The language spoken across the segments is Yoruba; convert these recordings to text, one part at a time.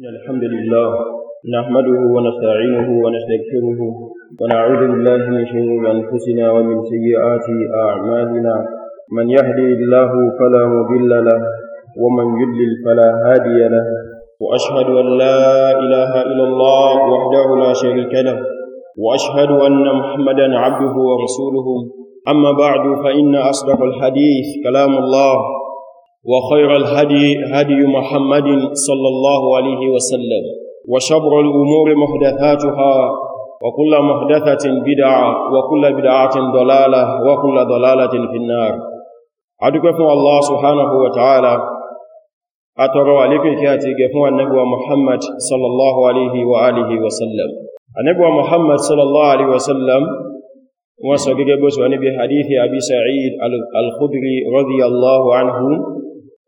إن الحمد لله نحمده ونستعينه ونستغفره ونعوذ بالله من شرور أنفسنا ومن سيئات أعمالنا من يهدي الله فلا مضل له ومن يضلل فلا هادي له وأشهد أن لا إله إلا الله وحده لا شريك له وأشهد أن محمدا عبده ورسوله أما بعد فإن أصدق الحديث كلام الله وخير الهدي هدي محمد صلى الله عليه وسلم وشبر الأمور محدثاتها وكل محدثة بدعة وكل بدعة ضلالة وكل ضلالة في النار أدكف الله سبحانه وتعالى أتروا عليكم كاتي قفوا النبوة محمد صلى الله عليه وآله وسلم النبوة محمد صلى الله عليه وسلم وصدق بسوى نبي حديث أبي سعيد الخدري رضي الله عنه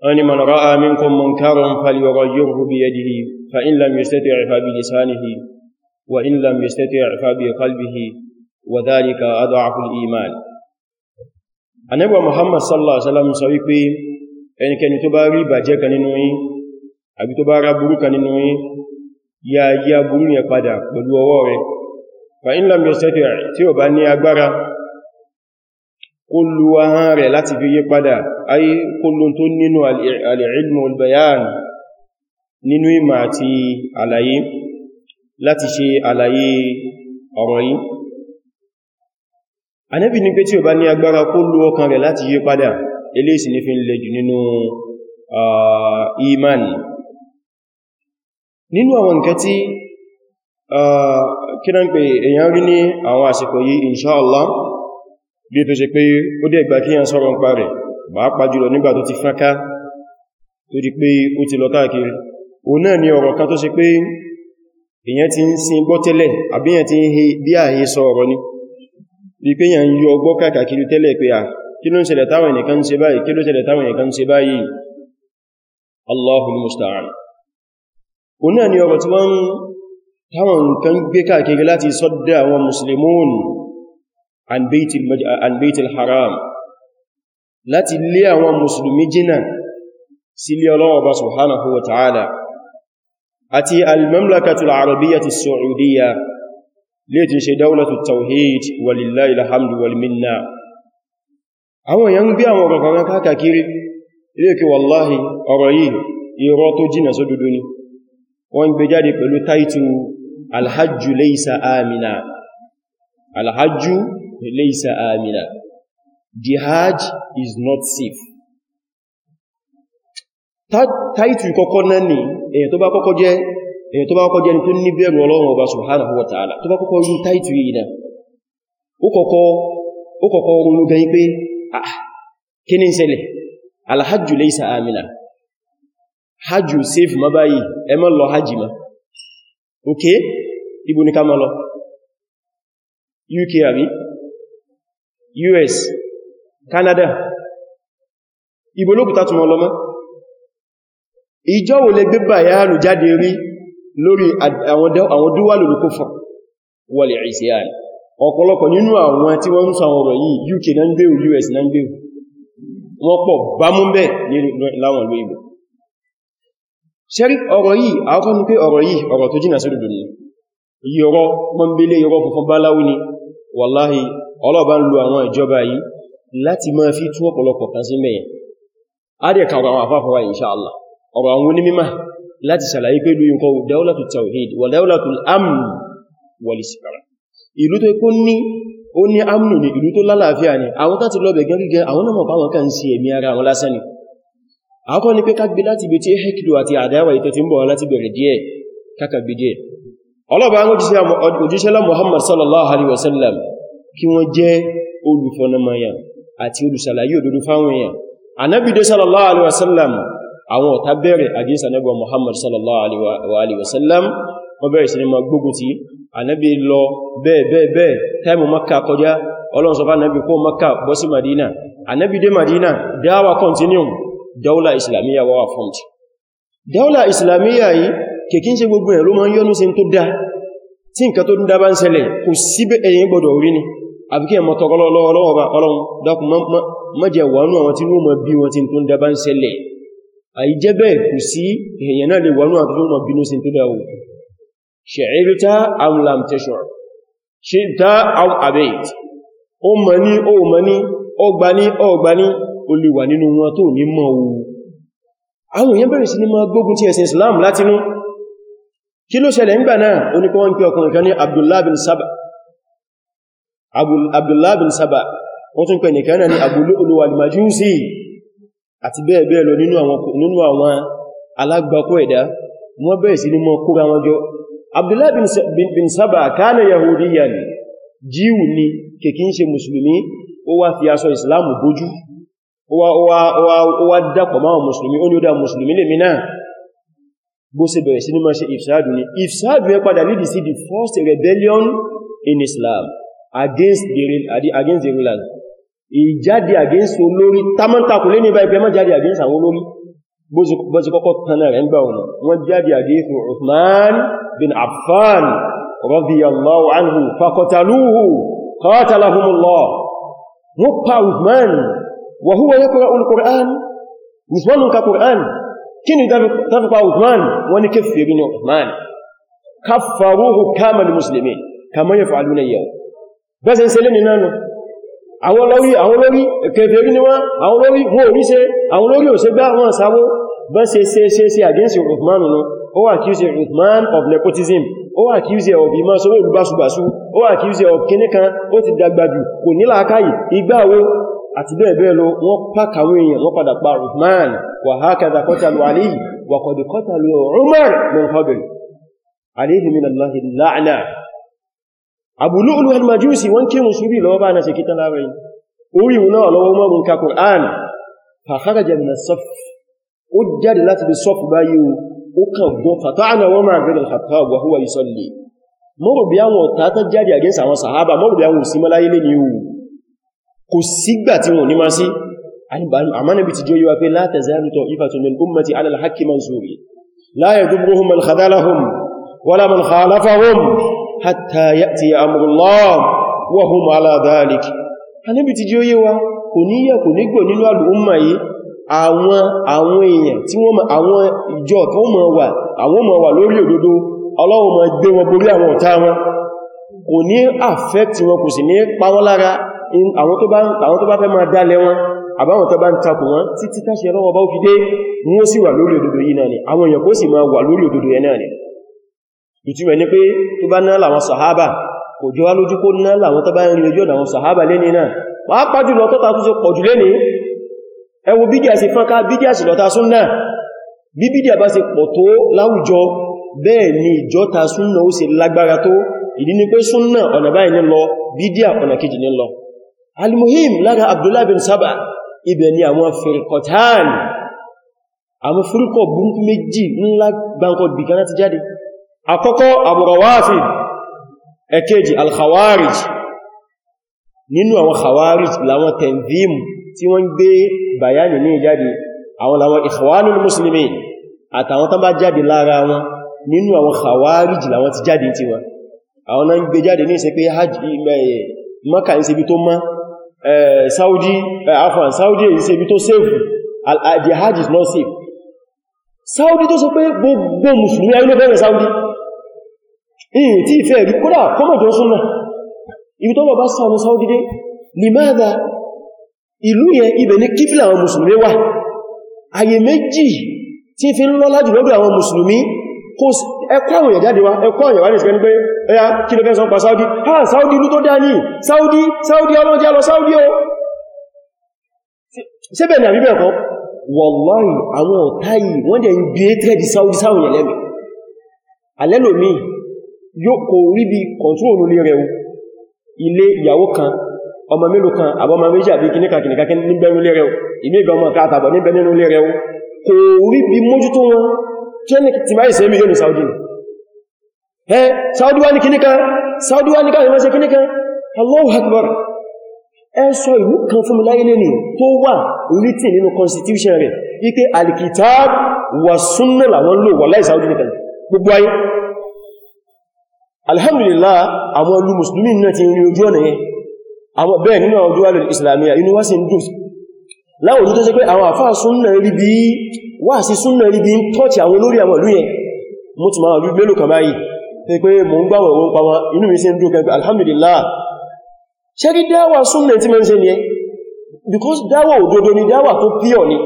أن من رأى منكم منكرا فليغيره بيده فإن لم يستطع فبلسانه وإن لم يستطع فبقلبه وذلك أضعف الإيمان النبي محمد صلى الله عليه وسلم سويكي أن كان تباري باجيكا ننوي أبي تبارا بروكا ننوي يا يا بني قدا بدو ووري فإن لم يستطع تيوبا ني أكبره kó lu ahán rẹ̀ láti fi yí padà ayé kóllun tó nínú al'ilmu al-bayan nínú ìmọ̀ àti àlàyé láti ṣe àlàyé ọ̀rọ̀ yìí Ànábì ní pé tí ó bá ní agbára kó lu ọkàn rẹ̀ láti yí padà ilé ìsìn fi lè nínú iman nínú àwọn nǹkan tí kíran pé èyàn rí ní àwọn àsìkò yìí inṣáàlá bí tó ṣe pé ó dẹ̀ gbà kí yàn sọ́rọ̀ ń pa rẹ̀ bá pàjùlọ nígbà tó ti fánká tó di pé ó ti lọ káàkiri o náà ni ọ̀rọ̀ kan tó ṣe pé èyàn ti ń sin gbọ́ tẹ́lẹ̀ àbí yàn ti ń he bí ààyè sọ ọ̀rọ̀ ni bí pé yàn yọ ọgbọ́ káàkiri tẹ́lẹ̀ pé à kí ló ń ṣẹlẹ̀ táwọn ẹnìkan ń ṣe báyìí kí ló ṣẹlẹ̀ táwọn ẹnìkan ń ṣe báyìí ni ọ̀rọ̀ tí wọ́n táwọn nǹkan gbé káàkiri láti sọ́dá àwọn mùsùlùmí an baitul an baitul haram láti lé àwọn mùsùlùmí jìnà sí lé Ọlọ́run Ọba subhanahu wa ta'ala àti al-mamlakatul arabiyyati saudiya lè ti ṣe dáúlàtù tawhid walillahi alhamdu wal minna àwọn èèyàn gbé àwọn ọ̀rọ̀kọ̀rọ̀ káàkiri ilé kí wallahi ọ̀rọ̀ yìí irọ́ tó jìnà sódodo ni wọ́n gbé jáde pẹ̀lú táìtù alhajju laysa amina alhajju amina the hajj is not safe táìtù kọkọ náà ni èyàn tó bá kọ́kọ́ jẹ́ èyàn tó bá kọ́kọ́ jẹ́ ni tó ní bẹ̀rù ọlọ́run ọba subhanahu wa ta'ala tó bá kọ́kọ́ rú táìtù yìí náà ó kọ́kọ́ ronú gan pé ah kí sele ṣẹlẹ̀ hajj laysa amina hajj safe ma báyìí ẹ má lọ hajji ma ok ibu ni ká má lọ UK abi. US Canada ìbòlókù tàtùmọ̀ lọ́mọ́ ìjọ́wò lẹ gbébà yáàlù jáde rí lórí àwọn dúwà lórí kó fún wọlé ìsìyàn ọ̀pọ̀lọpọ̀ nínú àwọn tí wọ́n ń sọ àwọn ọ̀rọ̀ yìí UK náà ń gbèrú US náà ń gbèrú wọ́n pọ̀ bámú bẹ́ láwọn ìlú ìgbò ṣẹ́rí ọ̀rọ̀ yìí àkọ́kọ́ ní pé ọ̀rọ̀ yìí ọ̀rọ̀ tó jìnà sí òdòdó ni yìí ọ̀rọ̀ mọ́mbélé ọ̀rọ̀ funfun báláwú ni wàláhì ọlọ́ọ̀bá ń lo àwọn ìjọba yìí láti máa fi tún ọ̀pọ̀lọpọ̀ kan sí mẹ́yẹn adẹ̀ kan àwọn afáfọwà insha Allah ọ̀rọ̀ àwọn onímímà láti ṣàlàyé pé lóyún kọ dáúlàtù tawhid wà dáúlàtù amn wal istiqrar ìlú tó kó ní ó ní amn ní ìlú tó lálàáfíà ni àwọn tàti lọ́bẹ̀ gẹ́gẹ́ àwọn náà mọ̀pá wọn kàn sí ẹ̀mí ara àwọn lásán ni àkọ́ ni pé kágbé láti ibi tí hekido àti ọlọ́bàá ń òjíṣẹ́ lá sallallahu alaihi wasallam kí wọ́n jẹ́ olùfọ̀nàmọ̀yà àti olùsàlàyé òdodo fáwọn èèyàn Ànábì sallallahu alaihi wasallam àwọn ọ̀tá bẹ̀rẹ̀ against Muhammad sallallahu alaihi wasallam wọ́n bẹ̀rẹ̀ sí ní ma gbógun ti Ànábì lọ bẹ́ẹ̀ bẹ́ẹ̀ bẹ́ẹ̀ táìmù Makka kọjá Ọlọ́run Madina Ànábì Madina dáwà continuum dáúlà islamiyya wà fọ́nt dáúlà islamiyya yìí kèkín ṣe gbogbo ẹ̀ ló ma ń yọ́nú sí tó dá tí nǹkan tó dá bá ń ṣẹlẹ̀ kò síbẹ̀ ẹ̀yìn gbọdọ̀ orí ni àfikí ẹmọ tọgọlọ lọ́wọ́lọ́wọ́ bá ọlọ́run dákun mọ́jẹ wọnú àwọn tí wọ́n mọ̀ bí wọ́n tí tó ń dábá ń ṣẹlẹ̀ àìjẹ́ bẹ́ẹ̀ kù sí èèyàn náà lè wọnú àwọn tó mọ̀ bínú sí tó dáwò ṣe'irita am lam tash'ur ṣe'ta am abait o mọ̀ ní o mọ̀ ní o gbà ní o gbà ní o lè wà nínú wọn tó ní abdullahi bin saba wọ́n tún pè nìkan náà ni abúlú'ulú al-majusi àti bẹ́ẹ̀ bẹ́ẹ̀ lọ nínú àwọn alágbàkó ẹ̀dá wọ́n bẹ̀rẹ̀ sí ní mọ́ kóra wọn jọ abdullahi bin saba kánà yahudiya ni jíù ni kèkí ń ṣe musulmi ó wá fi aṣọ islamu bójú ó wá dàpọ̀ máwọn musulmi ó ní ó dá musulmi lè mìíràn bó ṣe bẹ̀rẹ̀ sí ní mọ́ ṣe ifsadu ni ifsadu yẹ padà lead sí the first rebellion in islam against the against the rulers ìjáde against olórí tamantakù lé ní ibá ìpẹ́ mọ́ jáde against àwọn olórí bó ti kọ́kọ́ tánà rẹ̀ ń gbà ọ̀nà wọ́n jáde against Uthman bin Affan radiyallahu anhu faqataluhu qatalahumullah wọ́n pa Uthman wa huwa yaqra'u al-Qur'an Uthman ka Qur'an kí ni tafi Uthman wọ́n ni kẹfẹ̀ẹ́ ni Uthman kaffaruhu kama al-muslimin kama yaf'aluna yau bẹ́sẹ̀ ń se lé nínú àwọn olórí àwọn olórí kèfèrí ni wọ́n àwọn olórí wọ́n orí ṣe àwọn olórí ò ṣe gbá wọn sáwó bẹ́ ṣe ṣe ṣe ṣe against Uthman nù ó accuse Uthman of nepotism ó accuse of ìmọ̀ sówó olùgbásùgbàsù ó accuse of kíní kan ó ti dàgbà jù kò ní làákàyè ìgbàwo àti bẹ́ẹ̀ bẹ́ẹ̀ lọ wọ́n pàkàwé èèyàn wọ́n padà pa Uthman wa hakadha qatalu Ali wa àbúlúùlù al-Majusi wọ́n kí musulmi lọ bá na ṣekítà láwẹ́ orí náà lọ́wọ́ mọ́rún ka Qur'an fa kharaja min as-saff ó jáde láti bí sọ́f báyí ó kàn gọ́ fata'ana wa ma bin al-Khattab wa huwa yusalli mọ́rún bí àwọn ọ̀tá tán jáde against àwọn sahaba mọ́rún bí àwọn òsìmọ́ láyé lè ní ìhù kò sígbà tí wọ́n ní máa hatta ya'ti amrullah wa hum ala dhalik Ànábì ti jẹ́ òye wa kò ní yẹ kò ní gbò nínú àlùmọ̀ yìí àwọn àwọn èèyàn tí wọ́n mọ̀ àwọn ìjọ tó mọ̀ wà àwọn mọ̀ wà lórí òdodo Ọlọ́run mọ̀ gbé wọn borí àwọn ọ̀tá wọn kò ní affect wọn kò sì ní pa wọ́n lára àwọn tó bá fẹ́ máa ìtúwẹ̀ ní pé tó bá náà làwọn sàhábà kò jọ wá lójú kó náà làwọn tó bá ń rí ojú ọ̀nà àwọn sàhábà lé ní náà pàápàá jùlọ tó tàà tó ṣe pọ̀jù lé ní ẹwọ bídíà sí fánká bídíà sí lọ́ta súnnà bí bídíà bá ṣe pọ̀ tó láwùjọ bẹ́ẹ̀ ni ìjọta súnnà ó ṣe lágbára tó ìdí ni pé súnnà ọ̀nà báyìí ní lọ bídíà ọ̀nà kejì ní lọ alimuhim lára abdullahi bin saba ibẹ̀ ni àwọn firkotan àwọn firkọ burúkú méjì ńlá gbáǹkọ̀ bìkaná ti jáde àkọ́kọ́ Abu Rawafid ẹ̀kejì al-Khawarij nínú àwọn Khawarij láwọn tanzim tí wọ́n gbé bayani ní ìjáde àwọn láwọn Ikhwanul Muslimin àtàwọn tán bá jáde lára wọn nínú àwọn Khawarij láwọn ti jáde tí wọn àwọn náà ń gbé jáde ní ìsẹ́ pé hajj eh, Maka ń ṣe bí tó mọ́ eh, Saudi eh, afan Saudi ń gbogbo Mùsùlùmí ayé ló fẹ́rẹ̀ Saudi èyí tí ìfẹ́ rí kódà kọmọ̀jọ súnmọ̀ ibi tó bàbá sáàmù sáwọ́dídé limadha ìlú yẹn ibẹ̀ ní kífìlà àwọn mùsùlùmí wà ayé méjì tí fi ń lọ́lá jù lọ́dọ̀ àwọn mùsùlùmí ẹkọ́ àwọn ìyàjáde wa ẹkọ́ àwọn ìyàwó nìsìnkẹ́ ní pé ẹya kí ló fẹ́ sọ pa Saudi ha Saudi lú tó dá ní Saudi Saudi ọlọ́dí alọ Saudi o ṣébẹ̀ ní àbíbẹ̀ ẹ̀kọ́ wallahi àwọn ọ̀tá yìí wọ́n jẹ́ ń gbé tẹ́ẹ̀dì Saudi sáwọn ìyẹ̀lẹ́mì alẹ́lòmí yóò kò rí bí kọ̀ntúrò ní rẹ̀ ilé ìyàwó kan ọmọ mélòó kan àbọ́mọ méjì àbí kìníkà kìníkà kí ní bẹ̀rún lé rẹ̀ ìmé ìgbọmọ káàtàbọ̀ ní bẹ̀rún lé rẹ̀ kò rí bí mójútó wọn tí ẹni ti máa ìsẹ́ mílíọ̀nù Saudi ẹ Saudi wá ní kìníkà Saudi wá ní káàkiri mẹ́sẹ̀ kìníkà Allahu Akbar ẹ sọ ìlú kan fún mi láyé lẹ́ni tó wà written nínú constitution rẹ̀ wípé al-kitab wa sunnah làwọn lò wà láì Saudi nìkan gbogbo ayé alhamdulillah àwọn olú musulmi náà ti rí ojú ọ̀nà yẹn àwọn bẹ́ẹ̀ nínú àwọn ojú alìl islamiyya inú wá sí ń dùn láwọn ojú tó ṣe pé àwọn àfáà súnnà rí bí wà sí súnnà rí bí ń tọ́tí àwọn olórí àwọn ìlú yẹn mú ti máa rí mélòó kan báyìí pé pé mò ń gbáwọ̀ wọn pa wọn inú mi sí ń dùn kan alhamdulillah ṣe rí dáwà súnnà tí mẹ́rin ṣe ni because dáwà òdodo ni dáwà tó píọ̀ ni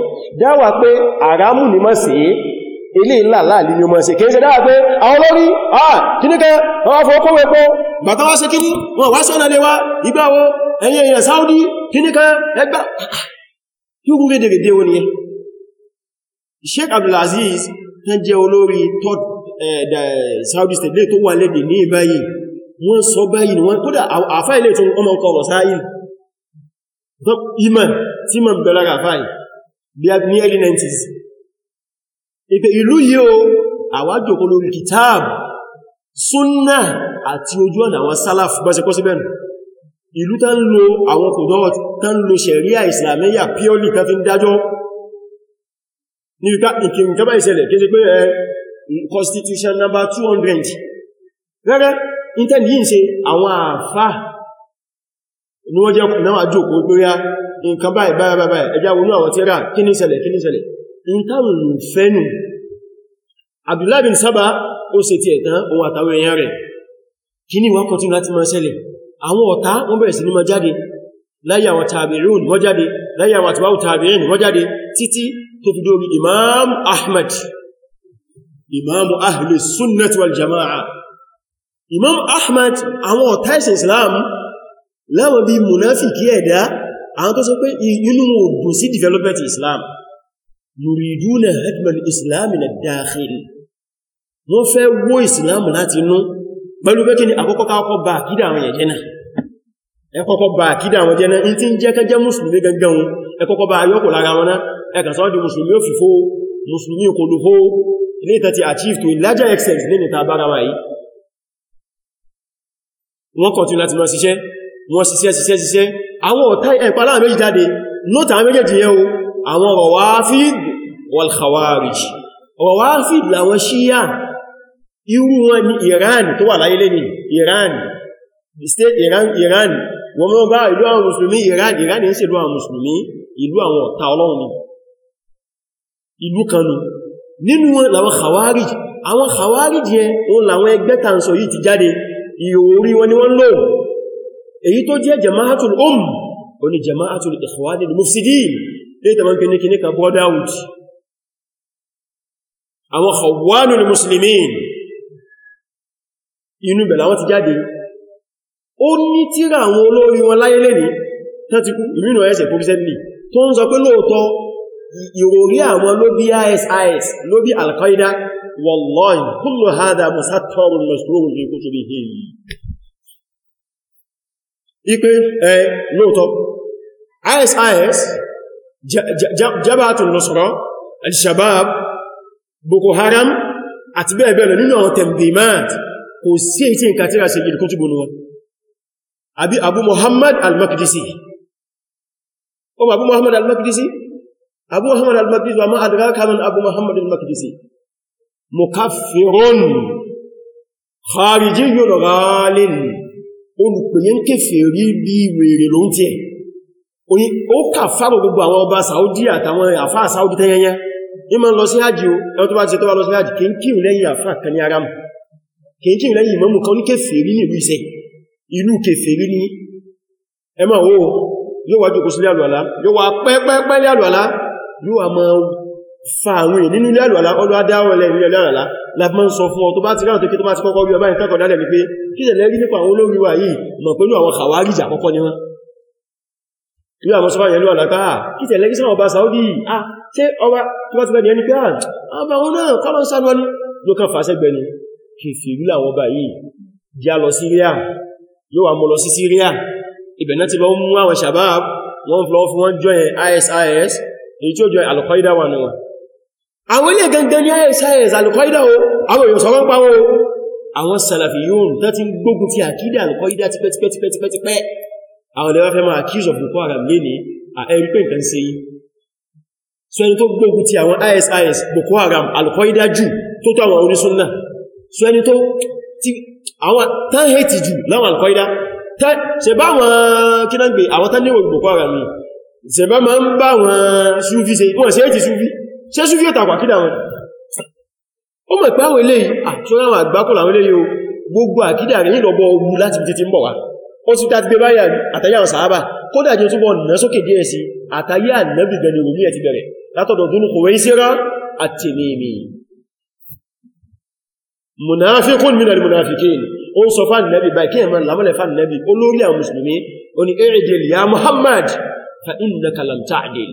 dáwà pé àrámù ni má sí ilé ńlá láàlì ni o máa ṣe kìí ṣe dáa pé àwọn olórí àà ah, kíníkẹ́ wọ́n fọ́ kó wẹ́pọ́ bàtà wá ṣe kíní wọ́n wá sọ́nà lè wá ìgbàwó ẹ̀yìn èèyàn Saudi kíníkẹ́ ẹgbà yóò rẹ̀ dèrè déwò nìyẹn Sheikh Abdulaziz tán jẹ́ olórí eh, Saudi state lè tó wà lẹ́dẹ̀ ní ìbáyìí wọ́n sọ báyìí wọ́n kódà àfá ilé ní early 90s ìpè ìlú yìí o àwa jókòó lórí kìtàbù súnnà àti ojú ọ̀nà àwọn sálàfù bá ṣe kọ́ síbẹ̀ nù ìlú tán lo àwọn kòdọ́wọ̀ tán lo ṣẹ̀ríà ìsìlàmẹ́yà píọ́lì kan fi ń dájọ́ number 200 rẹ́rẹ́ intanet yìí ń ṣe àwọn àfá ní wọ́n jẹ́ náà àjò kò gbéra nǹkan báyìí báyìí báyìí ẹjá wọnú àwọn tẹ́rà kí ní ṣẹlẹ̀ in táwọn fẹ́nu Abdullah bin Saba ó ṣe ti ẹ̀tàn ohun àtàwọn èèyàn rẹ̀ kí ní wọ́n kọtún láti máa ṣẹlẹ̀ àwọn ọ̀tá wọ́n bẹ̀rẹ̀ sí ní máa jáde láyé àwọn tàbírùn wọ́n jáde láyé àwọn àtìwáwò tàbírùn wọ́n jáde títí tó fi dórí Imam Ahmad Imam yuriduna hetman islami na dáàkiri wọ́n fẹ́ wó islamu láti inú pẹ̀lú pé kí ni àkọ́kọ́ káàkọ́ bá àkídà àwọn ẹ̀jẹ́ náà ẹkọ́kọ́ bá àkídà àwọn ẹ̀jẹ́ náà in tí ń jẹ́ kẹjẹ́ musulmi gangan ẹkọ́kọ́ bá ayọ́kù lára wọn náà ẹkàn sọ́dí achieve to a larger extent ní níta bára wáyé wọ́n kọ̀tún láti lọ ṣiṣẹ́ wọ́n ṣiṣẹ́ ṣiṣẹ́ ṣiṣẹ́ àwọn ọ̀tá ẹ̀pá láàrin méjì àwọn Rawafid wal Khawarij Rawafid làwọn Shia irú wọn ni Iran tó wà láyé lẹ́ni Iran state Iran Iran wọ́n mọ́ bá ìlú àwọn Mùsùlùmí Iran Iran ń ṣèlú àwọn Mùsùlùmí ìlú àwọn ọ̀tá Ọlọ́run ìlú kanu nínú wọn làwọn Khawarij àwọn Khawarij yẹn wọn làwọn ẹgbẹ́ léta ma ń pè ní kí ní ka brotherhood àwọn Khawwanul Muslimin inú bẹ̀lá wọ́n ti jáde ó ní tíra àwọn olórí wọn láyé lẹ́ni tán ti kú ìrìnà ẹsẹ̀ pọ́bísẹ́lì tó ń sọ pé lóòtọ́ ìròrí àwọn ló bí ISIS ló bí ISIS jabatun nusra al-shabab boko haram àti bẹ́ẹ̀ bẹ́ẹ̀ lọ nínú àwọn tẹ̀m̀dìmáàt kò sí èyí tí nǹkan tí a ṣe gidi kó túbò lọ́wọ́ àbí abu muhammad al-makdisi o ma abu muhammad al-makdisi abu muhammad al-makdisi wa ma adraka man abu muhammad al-makdisi mukaffirun kharijiyyun ghalin olùpẹ̀yẹn kèfèrí bí wèrè lóúnjẹ́ oye ó kà fábò gbogbo àwọn ọba Saudi àtàwọn àfá Saudi tẹ́yẹnyẹ ní ma ń lọ sí hajji o ẹwọ́n tó bá ti tó bá lọ sí hajji kí n kíù lẹ́yìn àfá kan ní aram kí n kíù lẹ́yìn ìmọ́mù kan ní kèfèrí ní ìlú iṣẹ́ ìlú kèfèrí ní ẹmọ́ o yóò wá jókòó sí ilé àlùwàlá yóò wá pẹ́pẹ́pẹ́ ilé àlùwàlá yóò wá máa fa àwọn èèyàn nínú ilé àlùwàlá ọlọ́ adáwọ̀ ilẹ̀ ìlú àlùwàlá láti máa ń sọ fún ọ tó bá ti ráhùn tó kí tó bá ti kọ́kọ́ rí ọba ìkẹ́kọ̀ọ́ dálẹ̀ ní pé kí ìṣẹ̀lẹ̀ rí nípa àwọn olórin wà yìí mọ̀ pẹ̀lú àwọn kàwárí ìjà kọ́kọ́ ni wọ́n yóò àmọ́ sọ́fà yẹ̀lú àlàkà kí tẹ̀lẹ̀ kí sáwọn ọba Saudi a ah, tẹ́ ọba tó bá ti bẹ̀rẹ̀ ní pé àbà ah, wọn náà kọ́lọ̀ ń sáàlọ́ ní ló kàn fàṣẹ́gbẹ̀ ni kí fìrú làwọn ọba yìí di a lọ Syria yóò àmọ́ lọ sí Syria ibẹ̀ náà ti lọ mú àwọn shabab wọ́n fi lọ fún wọn join ISIS èyí tí ó join Al-Qaeda wà ní wọn àwọn ilé o àwọn èèyàn sọ́wọ́n pa wọn àwọn Salafiyun tó àwọn ẹ̀rọ fẹ́ máa accuse of Boko Haram lé ní ẹ̀rí pé nǹkan sí so ẹni tó gbógun ti àwọn ISIS Boko Haram Al-Qaeda jù tó tó àwọn onísúnnà so ẹni tó ti àwọn tán hẹ́tì jù láwọn Al-Qaeda ṣe bá wọn kí náà gbé àwọn tán níwò Boko Haram ni ṣe bá máa ń bá wọn Sufi ṣe wọ́n ṣe hẹ́tì Sufi ṣe Sufi yóò tàkwà kí dáwọn ó mọ̀ pé àwọn eléyìí àtúnráwọ̀ àgbákùnlà àwọn eléyìí gbogbo àkídà rẹ̀ nílọ́gbọ̀ ogun láti fi títí ń bọ̀ wá ó ti dá ti gbé báyà àtàyà àwọn sàábà kódà jẹ́ túbọ̀ nà sókè díẹ̀ sí àtàyà ànábì gẹni omi ẹ̀ bẹ̀rẹ̀ látọ̀dọ̀ dúnú kò wéyí síra àti mímí munafikun minal munafikin ó ń sọ fà nàbì báyìí kí ẹ̀mà lámọ́lẹ̀ fà nàbì ya muhammad fa inna kalam ta'adil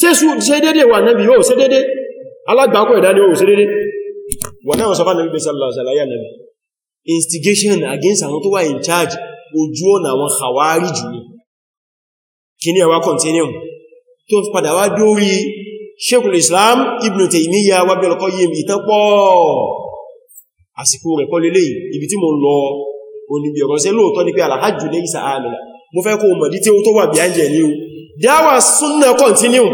ṣe su ṣe wa nàbì yóò ṣe dédé alágbàkọ̀ ẹ̀dá ni yóò ṣe dédé wọ́n náà sọ fà nàbì bẹ́sẹ̀ instigation against àwọn tó wà in charge ojú ọ̀nà àwọn Khawarij jù ní kí ní àwá continue tó padà wá dórí Sheikhul Islam Ibn Taymiyyah wa Ibn al-Qayyim ìtẹ́pọ̀ àsìkò rẹ̀ kọ́ lélẹ̀ ibi tí mo ń lọ oníbi ọ̀rọ̀ sí lóòtọ́ ní pé alhajjù ní ìsà àmìlà mo fẹ́ kó mọ̀ dí tí ó tó wà bí ájẹ̀ ní o dáwà súnnà continue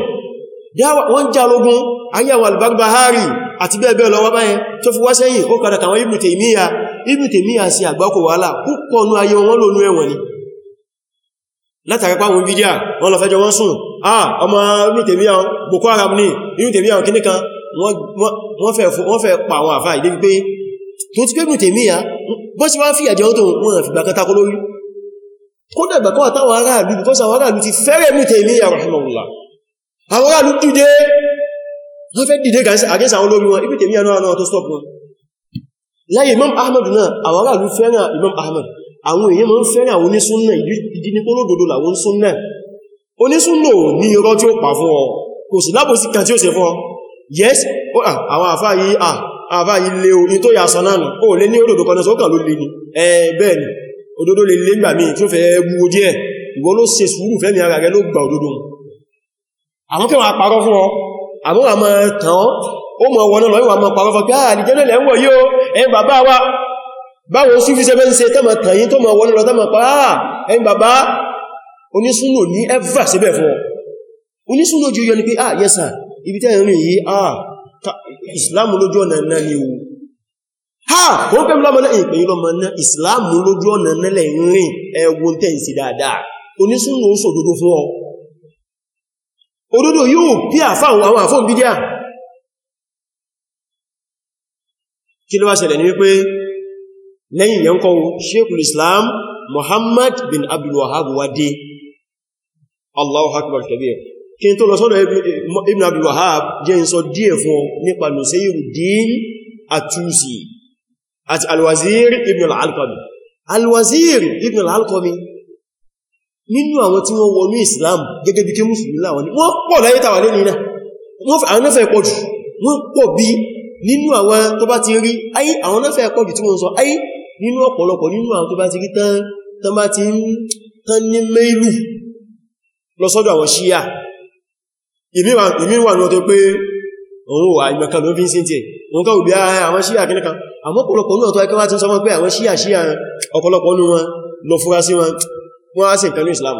dáwà wọ́n jálógún ayáwọn al-Barbahari àti bẹ́ẹ̀ bẹ́ẹ̀ lọ wá báyẹn tó fi wá sẹ́yìn ó padà tàwọn Ibn Taymiyyah Ibn Taymiyyah sí àgbákò wàhálà púpọ̀ ní ayé wọn lónú ẹ̀wọ̀n ni látàrí pa àwọn bídíà wọn lọ fẹjọ wọn sùn ah ọmọ Ibn Taymiyyah Boko Haram ní Ibn Taymiyyah kíní kan wọ́n fẹ́ pa àwọn àfáà ìdé wípé tó ti pé Ibn Taymiyyah bọ́ sí wá fìyà jẹ oúnjẹ wọn fìgbà kan takó lórí kó dàgbà kọ́ àtàwọn aráàlú bí fọ́sà àwọn aráàlú ti fẹ́rẹ̀ Ibn Taymiyyah rahimahullah àwọn aráàlú dìde wọ́n fẹ́ dìde against àwọn olórí wọn Ibn Taymiyyah náà náà tó stop wọn láyé imam Ahmed, náà àwọn aráàlú fẹ́ràn imam ahmad àwọn èèyàn ma ń fẹ́ràn àwọn onísúnnà ìdí ní pólódòdó làwọn súnnà onísúnnà ò ní irọ́ tí ó pa fún ọ kò sí lábòsí kan tí ó ṣe fún ọ yes àwọn àfáàyí àfáàyí lè orin tó yà sanánu ó lé ní òdòdó kan sọ́kà ló lè ní ẹ̀ẹ́bẹ́ẹ̀ ni òdòdó lè lé gbàmí tí ó fẹ́ gbúwo ó mọ̀ wọ́n lọ ìwà mọ̀ pàwọ́fọ́ pé ah, àà nìjẹ́ lẹ́lẹ̀ ń wọ̀ yóò ẹ̀yin bàbá wa báwọn súnfí sẹ́bẹ́ ń ṣe tọ́mọ̀ tàyín tó mọ̀ wọ́n lọ tọ́mọ̀ pa ah, ẹ̀yin bàbá onísúnlò ní ẹ́fà síbẹ̀ fún onísúnlò ju yọ ni pé ah yes sir ibi tẹ́ ìrìn yìí ah ìsìláàmù lójú ọ̀nà náà ni o ha wọ́n pẹ́ lọ́mọ náà ìpẹ̀yìn lọ́mọ náà ìsìláàmù lójú ọ̀nà nílẹ̀ ìrìn ẹwọ́n tẹ́ ìsì dáadáa onísúnlò ó sòdodo fún ọ òdodo yóò bí àfáwọn àwọn àfóǹbídíà kí ló wá ṣẹlẹ̀ ní wípé lẹ́yìn yẹn kọ́ Sheikhul Islam Muhammad bin Abdul Wahhab wá dé Allahu Akbar kabir kí n tó lọ sọ́dọ̀ Ibn Abdul Wahhab jẹ́ ń sọ díẹ̀ fún nípa Nusayruddin Atusi àti Al-Wazir Ibn Al-Alqami Al-Wazir Ibn Al-Alqami nínú àwọn tí wọ́n wọnú Islam gẹ́gẹ́ bí kí Mùsùlùmí láwọn ni wọ́n pọ̀ láyé tàwà lé nìyàn wọ́n fẹ́ pọ̀ jù wọ́n pọ̀ bí nínú àwọn tó bá ti rí ayé àwọn náà fẹ́ pọ̀jù tí wọ́n sọ ayé nínú ọ̀pọ̀lọpọ̀ nínú àwọn tó bá ti rí tán tán bá ti ń tán ní mẹ́ìlú lọ sọ́dọ̀ àwọn ṣíyà ìmí wà ní ọ̀tọ̀ pé òun wà ìgbẹ̀kan ló fi ń síntì òun káwò bí ah, àwọn ṣíyà kí nìkan àmọ́ ọ̀pọ̀lọpọ̀ náà tó ẹkẹ́ wá ti ń sọ pé àwọn ṣíyà ṣíyà ọ̀pọ̀lọpọ̀ ní wọn lọ fúra sí wọn wọ́n á sì nǹkan ní Islam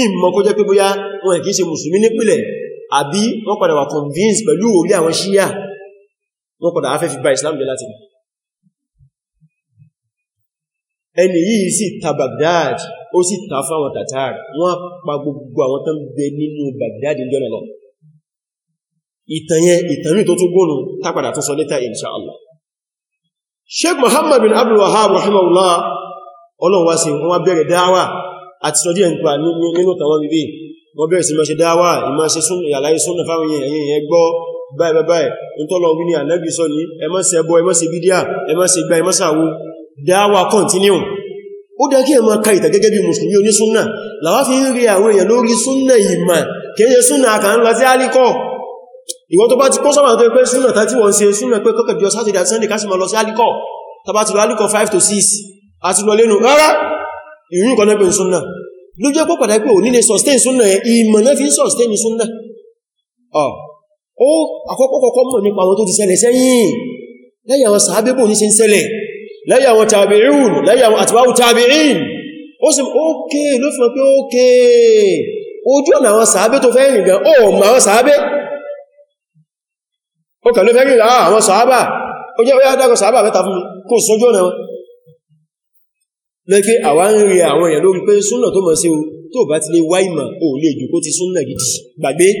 ìmọ̀ kó jẹ́ pé bóyá wọn kìí ṣe mùsùlùmí nípìlẹ̀ àbí wọ́n padà wà convince pẹ̀lú orí àwọn ṣíyà wọ́n kọ̀dá afẹ́ fi gba islam jẹ láti ẹni yìí sì ta baghdad ó sì ta fáwọn tatar wọ́n pa gbogbo àwọn tán bẹ nínú baghdad jọna lọ ìtànyẹ ìtànyẹ tó tó gbónú tápadà tó sọ lẹ́ta inṣáàlá sheikh muhammad bin abdul wahab rahimahullah báyìí báyìí ìtọ́lọ̀ wí ní ànábì sọ ní ẹ má ṣe ẹbọ ẹ má ṣe bídíà ẹ má ṣe gbá ẹ má ṣàwo dáwà continue ó dá kí ẹ máa ka ìtà gẹ́gẹ́ bí mùsùlùmí oní súnnà làwá fi ń rí àwọn èèyàn lórí súnnà ìmà kéye súnnà àkà ń lọ sí alíkọ́ ìwọ́n tó bá ti kó sọ́mà tó pé súnnà tàbí wọ́n ṣe súnnà pé kọ́kẹ̀ bí ọ sátidé àti sunday kásìmọ̀ lọ sí alíkọ́ tàbá ti lọ alíkọ́ 5 to 6 àti lọ lẹ́nu rárá ìrìn kan nẹ́pẹ̀ súnnà ló jẹ́ pọ́ pàdé pé ò nílé sustain súnnà ìmọ̀ náà fi sustain súnnà ó àkọ́kọ́kọ́ mọ̀ nípa àwọn tó ti ṣẹlẹ̀ sẹ́yìn lẹ́yìn àwọn sàábébò ní ṣe ń ṣẹlẹ̀ lẹ́yìn àwọn tàbí'ùn lẹ́yìn àwọn àtìwáwù tàbí'ìn ó sì ókè ló fi mọ̀ pé ókè ojú ọ̀nà àwọn sàábé tó fẹ́ rìn gan ó mọ̀ àwọn sàábé ó kà ló fẹ́ rìn láà ah, àwọn sàábà ó jẹ́ wáyá dákọ̀ sàábà mẹ́ta fún kò sójú ọ̀nà wọn lẹ́kẹ́ àwọn ń rí àwọn èèyàn lórí pé o tó bá ti lè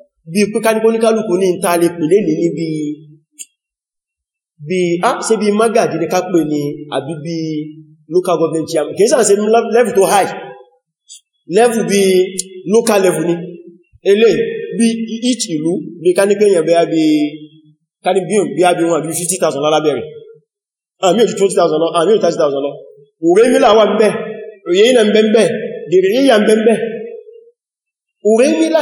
bí pé ká ní kóníkálùkù ní ìta lè pè lè ní bí bí á ṣe bí magadi ní ká pè ní àbí bí local government chairman kìí sáà ṣe level tó high level bí local level ní elé bí each ìlú bí ká ní pé èyàn bẹ́yà bí ká ní bíyàn bí ábí wọn àbí 50,000 lálábẹ̀rẹ̀ àmì òjú 20,000 lọ àmì òjú 30,000 lọ òré mílà wà ń bẹ́ òyè ìnà ń bẹ́ ń bẹ́ dèrè mílà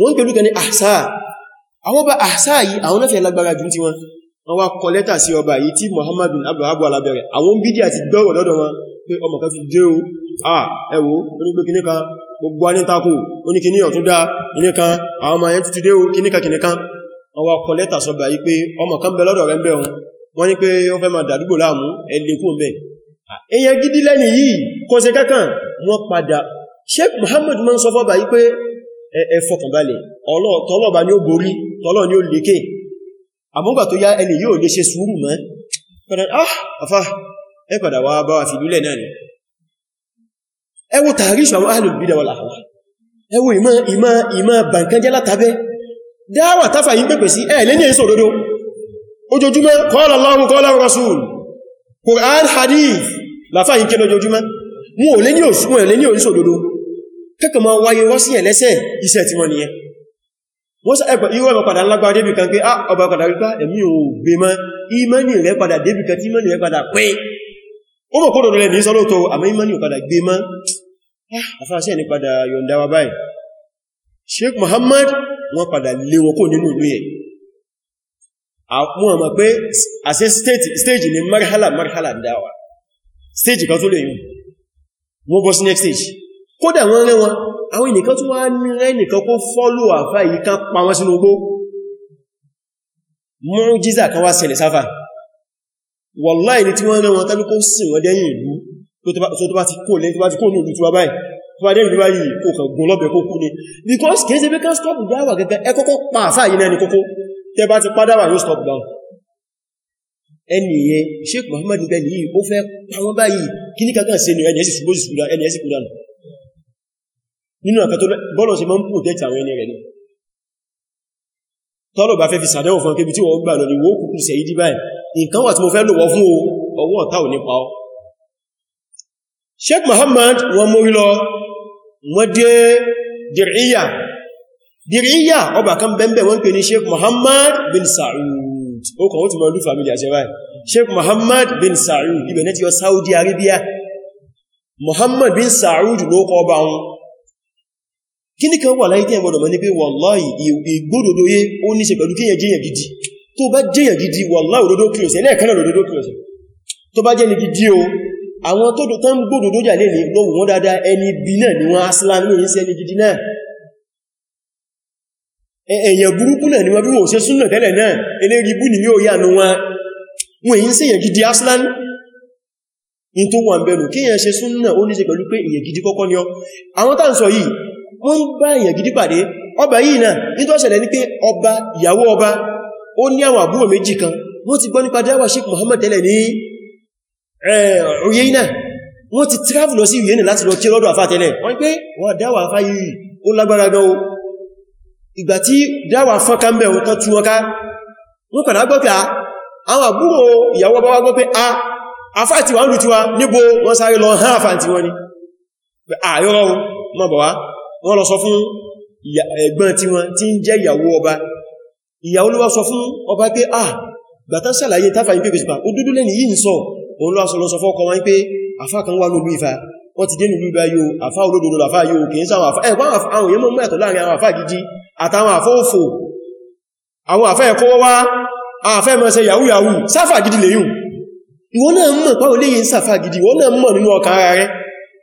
wọ́n pẹ̀lú kan ní àṣà àwọn ọba àṣà yìí àwọn náà fẹ́ lágbára jù tí wọ́n wọ́n wá kọ lẹ́tà sí ọba yìí tí Muhammad bin Abdullahi alábẹ̀rẹ̀ àwọn bídí àti gbọ́rọ̀ lọ́dọ̀ wọn pé ọmọ kan fi jẹ́ o ah ẹwọ onígbé kìní kan gbogbo a ní tako oníkìní ọ̀tún dá kìní kan àwọn ọmọ yẹn tuntun dé o kìní kan kìní kan wọ́n wá kọ lẹ́tà sọba yìí pé ọmọ kan bẹ lọ́dọ̀ rẹ̀ ń bẹ̀ wọn wọ́n ní pé wọ́n fẹ́ máa dàdúgbò láàmú Muhammad man sọ fọ́ba yìí ẹfọkànbalẹ̀ tọ́lọ̀bá ni ó borí tọ́lọ̀ ni ó lékè àmúgbà tó yá ẹni yóò lè ṣe sùúrù mọ́ padà ah afá ẹ padà wá bá fi lúlẹ̀ náà ni ẹwọ tààríṣù àwọn alùbídà wà láàwà ẹwọ ìmọ̀ ìmọ̀ ìmọ̀ bàǹkanjẹ́ látàbẹ́ dáwà táfà yí pẹ̀pẹ̀ sí ẹ̀ lẹ́ni èso òdodo ojoojúmọ́ rasul Qur'an hadith láfà yí kẹ́ lójoojúmọ́ wọn ò lẹ́ni òṣòdodo kẹ́kọ̀ ma wáyé wọ́n sí ẹ̀lẹ́sẹ̀ iṣẹ́ tí wọ́n ni ẹ wọ́n sọ ẹ̀pọ̀ irú ọmọ padà lágbà débì kan pé ah, ọba padà wípá ah, ẹ̀mí ò gbé mọ́ ìmọ́ni rẹ̀ padà débì kan tí ìmọ́ni rẹ̀ padà pé ó mọ̀ kódò rẹ̀ ní sọ́lọ́tọ̀ àmọ́ ah, Sheikh Muhammad wọ́n padà lé wọn kó nínú ìlú ẹ̀ àwọn ọmọ stage ni marhala marhala dáwà stage kan tó lè yùn wọ́n bọ́ sí next stage kódà wọ́n rẹ́ wọn àwọn ènìyàn tó wá ní rẹ́ nìkan kó fọ́lù àfá yìí kan pa wọn sínú ogbó mùjízà kan wá ṣẹlẹ̀ sáfà wàláhì ní tí wọ́n rẹ́ wọn tàbí kó sì wọ́n dẹ́yìn ìlú tó bá ti kó lẹ́yìn tó bá ti kó ní tó bá dẹ́yìn kó kú ni because kìí ṣe bí stop dáwà gẹ́gẹ́ ẹ kọ́kọ́ pa àfá yìí náà ní kókó tẹ bá ti padà stop down ẹni Sheikh Muhammad bẹ́ẹ̀ yìí ó fẹ́ pa wọ́n báyìí kí ní kankan ṣe ni ẹni ẹ̀sì ṣubú ẹni ẹ̀sì kúdánù nínú àkàtò bọ́lọ̀ ṣe máa ń protect àwọn ẹni rẹ̀ ní tọ́lọ̀ bá fẹ́ fi sàdẹ́wò fún kébí tí wọ́n gbà lọ́dí wó kúkú sẹ̀ ìdí báyìí nǹkan wà tí mo fẹ́ lò wọ́n fún ọwọ́ ọ̀tá ò nípa ọ́ Sheikh Muhammad wọn mórí lọ wọ́n dé dìríyà dìríyà ọba kan bẹ́m̀bẹ̀ wọ́n pè ní Sheikh Muhammad bin Saud ó kàn wọ́n ti mọ́ fàmílì àṣẹ báyìí Sheikh Muhammad bin Saud ló kọ́ ọba wọn kíní kan wà láyé tí ẹgbọ́dọ̀ mọ̀ ní pé wàláì ìgbódòdó yé ó ní ṣe pẹ̀lú kíyàn jíyàn gidi tó bá jíyàn gidi wàláì òdòdó kìrìsẹ̀ lẹ́ẹ̀kanáà òdòdó kìrìsẹ̀ tó bá jẹ́ ní gidi o àwọn tó tán gbódòdó jà lè ní lọ́wọ́ wọn dáadáa ẹni bí náà ni wọ́n aslan ní ìṣẹ́ ní gidi náà èèyàn burúkú náà ni wọ́n bí wọ́n ṣe súnà tẹ́lẹ̀ náà eléri bú ni yóò yànú wọn wọn èyí ń ṣe èyàn gidi aslan in tó wà ń bẹ̀rù kí ṣe súnà ó ní ṣe pẹ̀lú pé èyàn gidi kọ́kọ́ ni ọ àwọn tá ń sọ yìí wọ́n ń bá èèyàn gidi pàdé ọba yìí náà ní tó ṣẹlẹ̀ ní pé ọba ìyàwó ọba ó ní àwọn àbúrò méjì kan wọ́n ti gbọ́ nípa dáwà Sheikh Muhammad tẹ́lẹ̀ ní Uyayna wọ́n ti travel lọ sí Uyayna láti lọ kí lọ́dọ̀ àfá tẹ́lẹ̀ wọ́n pé wọ́n dáwà àfá yìí ó lágbára gan o ìgbà tí dáwà fọ́n ká mẹ́ ọ̀tọ́ tún wọn ká wọ́n kàdá gbọ́ pé àwọn àbúrò ìyàwó ọba wá gbọ́ pé a àfá àti wà ń lù tiwa níbo wọ́n sáré lọ wọ́n lọ sọ fún ẹ̀gbọ́n tí wọ́n tí ń jẹ́ ìyàwó ọba ìyàwó ló wá sọ fún ọba pé ah gbàtán sàlàyé tàfà ní pépèsìpà ó dúdú lẹ́ni yìí ń sọ òun lọ́wọ́ sọ fún ọkọ wọn pé àfá kan wà lórí Ifá wọ́n ti dé ní ìlú báyó àfá olódodo làfá yóò kìí sáwọn àfá ẹ̀kọ́ gidi àtàwọn àfá òfò àwọn àfá ẹ̀kọ́ gidi lèyùn ìwọ náà mọ̀ pàwọn léyìn sáfà gidi ìwọ náà mọ̀ nínú ọkàn ara rẹ̀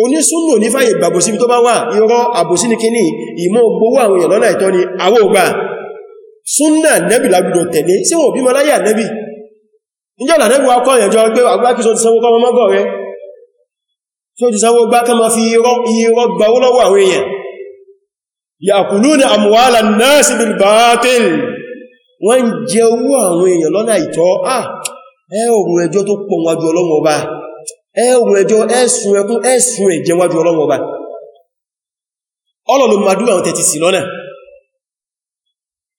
onísúnnù ní fàyè gbàbòsí tó bá wà irọ́ àbòsí ní kíní ìmọ̀ gbówó àwọn èèyàn lọ́nà ìtọ́ ni àwọ́ ògbà súnnà nẹ́bì lágbùdọ̀ tẹ̀lé sí wọ́n bí mọ́ láyé ànẹ́bì níjọ́là nẹ́bì wa kọ́ ìyànjọ́ pé àgbákí sọ ti sanwó kọ́mọ mọ́gọ̀ rẹ tí ó ti sanwó gbá kọ́mọ fi irọ́ gbawó lọ́wọ́ àwọn èèyàn ya'kuluna amwala an-nasi bil ẹ̀hùn ẹjọ́ ẹ̀sùn ẹkún ẹ̀sùn ẹ̀jẹ́ wájú ọlọ́wọ́ ọba ọlọ́lọ́ madúwà àwọn tẹ̀tì sí lọ́nà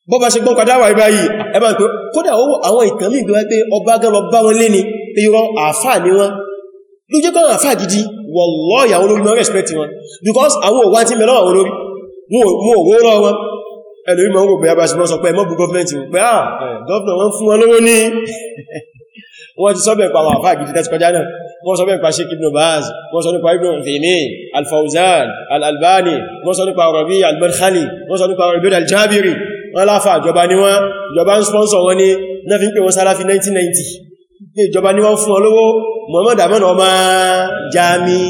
bọ́bá ṣe gbọ́n kadáwà ibáyìí ẹbá pé kódà àwọn ìtàn mí gbẹ́ pé ọba gẹ́lọ bá wọn lé ní pé yíwọ́ respect wọn because àwọn òwá tí mẹ́lọ́ àwọn olórí wọn òwó rọ wọn ẹlòrí mọ́ rò bẹ́yà bá ṣe mọ́ sọ pé ẹmọ́ bú gọ́ọ̀mẹ́ntì pé ah gọ́ọ̀nà wọn fún wọn lówó wọ́n ti sọ́bẹ̀ pa àwọn gidi tẹ́sí náà wọ́n sọ bẹ́ẹ̀ pa Sheikh Ibn Baz wọ́n sọ nípa Ibn Uthaymeen Al-Fawzan wọ́n sọ nípa Rabi al wọ́n sọ nípa Rabi Al-Jabiri wọ́n láfà ìjọba ni wọ́n ìjọba ń sponsor wọn ni wọ́n Salafi 1990 ìjọba ni wọ́n fún wọn lówó Muhammad Aman ọmọ Jami